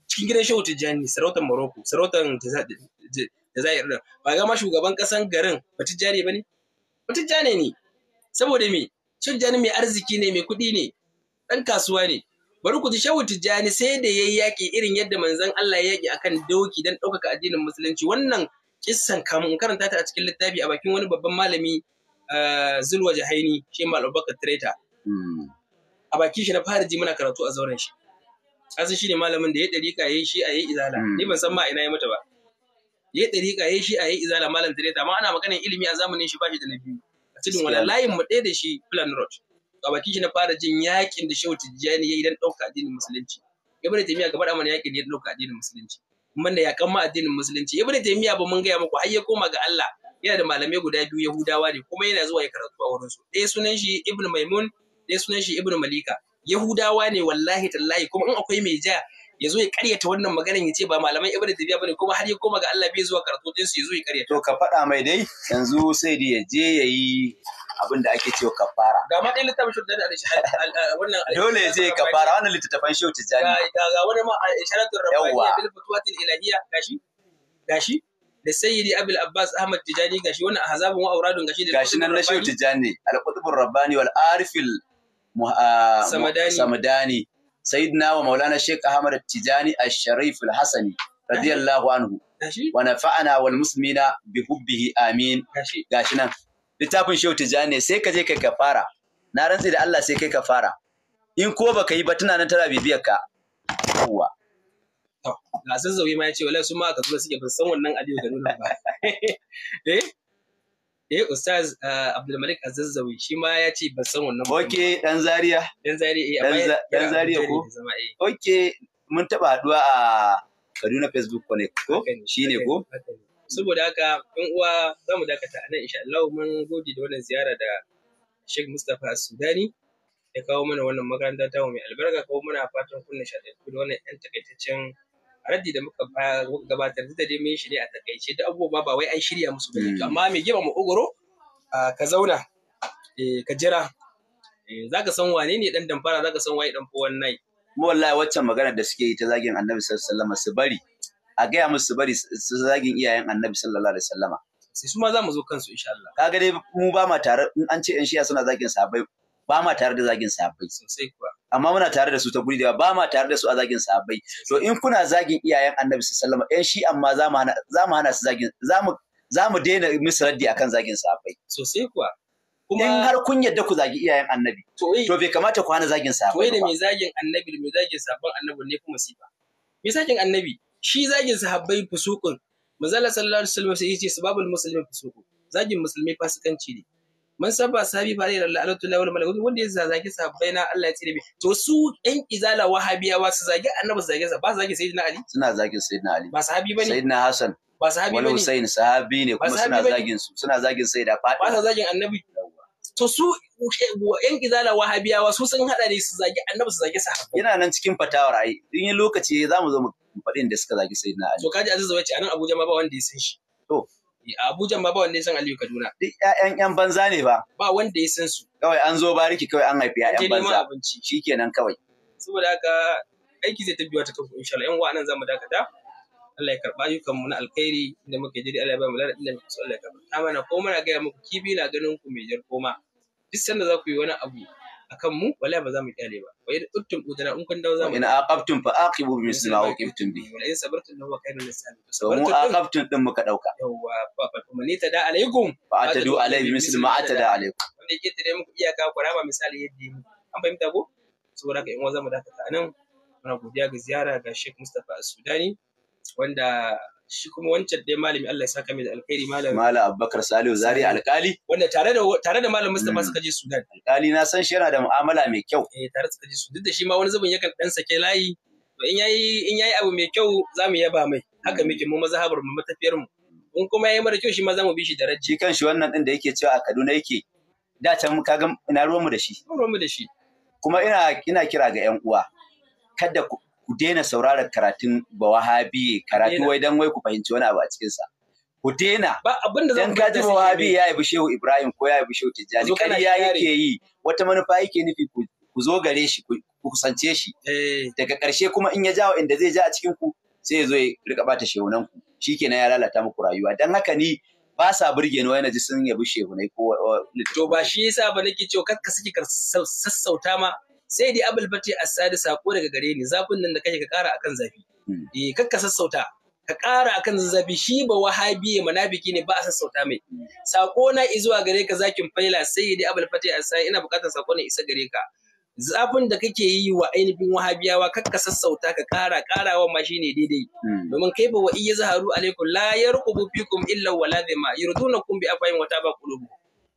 cikin gidan shehu tijani sarautar Morocco sarautar Jazair din ba ga ma shugaban kasan garin ba tijani bane ba tijani ne saboda me shehu tijani mai arziki ne mai kuɗi ne dan kasuwa ne bari ku ji shehu tijani sai da ya yaƙi irin yadda manzon Allah ya yaƙi akan doki don ɗaukaka addinin musulunci wannan kissan kamun karanta ta a cikin littafi a bakin wani babban malami Eh, zulwa jahaini shi ma abubakar treta hmm. a bakin shi na fara ji muna karatu a zauren shi asin shi ne malamin da ya dariƙa yayi shi a yayi izala hmm. ni ban san ma ina ya mutu ba ya dariƙa yayi shi a yayi izala malam treta amma ana maganar ilimi a zamanin shi ba shi da na biyu a cikin wala layin mu ɗaya da shi plan road a bakin shi na fara jin yakin da shehu tijjani yayi dan ɗauka addinin musulunci ibnu taymiya gaba da mana yakin da ya ɗauka addinin musulunci mun da yakan ma addinin musulunci ibnu taymiya ba mun gaya muku har ya koma ga Allah yana da malamai guda biyu yahudawa ne kuma yana zuwa ya karatu a su. ɗaya sunan shi Ibn maimun ɗaya sunan shi Ibn malika yahudawa ne wallahi tallahi kuma in akwai mai ja ya zo ya karyata wannan maganar ya ce ba malaman ibnu tabiya bane kuma har ya koma ga Allah bai zuwa karatu din su ya zo ya karyata to ka faɗa mai dai yanzu sai da ya je yi abin da ake cewa kafara ga ma ɗaya littafin shi da wannan dole ya je kafara wannan littafin shi tijani ga wannan ma isharatul rabbaniya bil futuwatil ilahiyya gashi gashi da sayyidi abul abbas ahmad tijani gashi wannan ahzabun wa auradun gashi da gashi nan na shehu tijani al qutbur rabbani wal arifil ah, samadani samadani sayyidina wa maulana sheikh ahmad tijani ash-sharif al-hasani radiyallahu anhu wa nafa'ana wal muslimina bi hubbihi amin gashi nan littafin shehu tijani sai ka je kai ka fara na rantsi da Allah sai kai ka fara in ko baka yi ba tana tara tana bibiyar ka ga zazzauye ma ya ce wallahi su ma aka zo suke ban san wannan aliyu da nuna ba eh eh ustaz eh, abdulmalik azazzawi shi ma ya ce ban san wannan ok ɗan zaria Ɗan zaria eh dan zaria ko eh. ok mun taɓa haɗuwa a kaduna facebook connect ko shi ne ko saboda haka ɗan uwa za mu dakata a nan insha Allah mun gode da wannan ziyara da Sheikh Mustapha Sudani ya kawo mana wannan makaranta ta mai albarka kawo mana fatan kunna shaɗaɗɗu da wannan ɗan takaitaccen raddi da muka gabatar da dai mun shi ne a takaice da abubuwa ba wai an shirya musu ba hmm. to amma mai gima mu ugoro ka zauna e, ka jira e, za ka san wane ne dan damfara za ka san waye dan fowan nai mu wallahi waccan magana da suke yi ta zagin annabi sallallahu alaihi su bari a gaya musu su bari su zagin iyayen annabi sallallahu alaihi wasallama sai su ma za mu zo kansu insha Allah kaga dai mu ba ma tare in an ce in shiya suna zagin sahabbai ba ma tare da zagin sahabbai amma muna tare da su ta guri da ba ma tare da su a zagin sahabbai to in kuna zagin iyayen annabi sallallahu alaihi wasallam shi amma za mu hana su zagin za mu za mu daina musu raddi akan zagin sahabbai sosai kuwa kuma in har kun yadda ku zagi iyayen annabi to bai kamata ku hana zagin sahabbai to da mai zagin annabi da mai zagin sahabban annabi ne kuma sifa Me zagin annabi shi zagin sahabbai fusukun manzala sallallahu alaihi wasallam sai yace sababul muslimin fusukun zagin musulmi fasikanci ne man sabi sahabi da Allah la'natullahi wal malakatu wanda ya zazage sabai na Allah ya tsire mi to su ɗan izala wahabiyawa su zage annabi zage sa ba zage sayyidina ali suna zage sayyidina ali ba sahabi bane sayyidina hasan ba sahabi bane Wani sayyidina sahabi ne kuma suna zagin su suna zagin sayyida fatima ba su zagin annabi to su ɗan izala wahabiyawa su sun hada ne su zage annabi su zage sahabbai yana nan cikin fatawar ai in yi lokaci za mu zo mu faɗin da suka zage sayyidina ali to kaji azizu wace anan abuja ma ba wanda ya san shi Abuja ma ba wanda ya san Aliyu Kaduna. Duk ƴaƴan ƴan banza ne ba. Ba wanda ya san su. Kawai an zo bariki kawai an haifi ƴaƴan banza. abinci. Shikenan kawai. Saboda haka aiki zai tabbata ta kanku insha Allah. Yan uwa nan zamu dakata. Allah ya karɓa ayyukan mu na alkhairi inda muke jiri Allah ya ba mu ladan da muke so Allah ya karɓa. Amana ko muna gaya muku kibi na ganin ku mai jar koma. Duk sanda za ku yi wani abu akan mu wala ba za mu kyale ba wa in uttum udana in kun dawo za mu ina aqabtum fa aqibu bi misli ma uqibtum bi wala in sabartum huwa khairun lisabiqin sabartum mu aqabtum din muka dauka yawa fa fa kuma ni tada alaikum fa atadu alaihi bi misli ma atada alaikum wanda yake tare muku iyaka ku raba misali yadda yi an fahimta ko saboda ka in wa za mu dakata anan muna godiya ga ziyara ga Sheikh Mustapha Sudani wanda shi kuma wancan dai malami Allah ya saka mai da alkhairi malam malam Abubakar Salihu Zari alkali wanda tare da tare da malam Mustafa mm. suka je Sudan alkali na san shi yana da mu'amala mai kyau eh tare suka je Sudan duk da shi ma wani zubin yakan dan sake layi to in yayi in yayi abu mai kyau za mu yaba mai haka muke mu mazhabar mu matafiyar mu in kuma yayi mara kyau shi ma za mu bi shi da rajji kan shi wannan din da yake cewa a Kaduna yake da can ka ga ina ruwan mu da shi ruwan mu da shi kuma ina ina kira ga yan uwa kada ku daina sauraron karatun wahabi karatu wai dan wai ku fahimci wani abu a cikin sa ku daina ba abin da zan kaji wahabi ya yi shehu ibrahim ko ya yi shehu tijjani kariya yake yi wata manufa yake nufi ku zo gare shi ku kusance shi eh. daga karshe kuma in ya jawo inda zai ja a cikin ku sai ya zo ya rika bata shehunan ku shikenan ya lalata muku rayuwa dan haka ni ba sa burge ni wani ji sun yabi shehunai ko to ba shi yasa ba nake cewa kar ka saki sassauta ma sai dai abul fati asadi sako daga gare ni zafin nan da kake ka kara akan zafi hmm. eh kakka sassauta ka kara akan zafi shi ba wahabi manabiki ne ba a sassauta mai hmm. sako na izuwa gare ka zakin faila sai dai abul fati asadi ina bukatar sako na isa gare ka zafin da kake yi wa ainihin wahabiyawa kakka sassauta ka kara karawa ma shine daidai hmm. domin kai ba wa iya zaharu alaikum la yarqubu fikum illa wala yurdunakum bi afain wa ba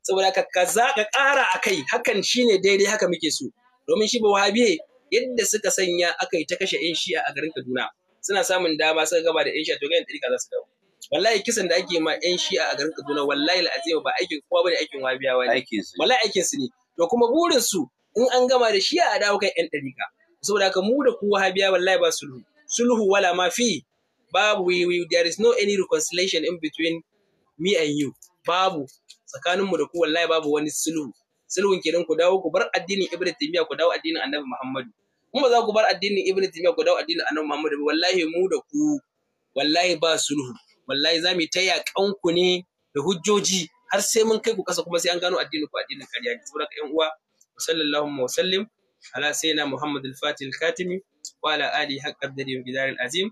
saboda ka za ka kara akai hakan shine daidai haka muke so domin shi wahabiye yadda suka sanya aka yi ta kashe yan shi'a a garin kaduna suna samun dama suka gaba da yan shi'a to ganin ɗarika za su dawo wallahi kisan da ake ma yan shi'a a garin kaduna wallahi la'azima ba aikin kowa bane aikin wahabiyawa ne wallahi aikin su ne to kuma burin su in an gama da shi'a a dawo kan yan ɗarika saboda haka mu da ku wahabiya wallahi ba sulhu sulhu wala ma fi babu we, we, there is no any reconciliation in between me and you babu tsakaninmu da ku wallahi babu wani sulhu sulhun kenan ku dawo ku bar addinin Ibn taymiya ku dawo addinin annabi muhammadu in ba za ku bar addinin Ibn taymiya ku dawo addinin annabi muhammadu ba wallahi mu da ku wallahi ba sulhu wallahi za mu taya yakan ku ne da hujjoji har sai mun kai ku kasa kuma sai an gano addinin ku addinin kariya ne saboda yan uwa sallallahu alaihi wasallam ala sayyidina al fatih al-katimi wa ala alihi haqqa qadri bidaril azim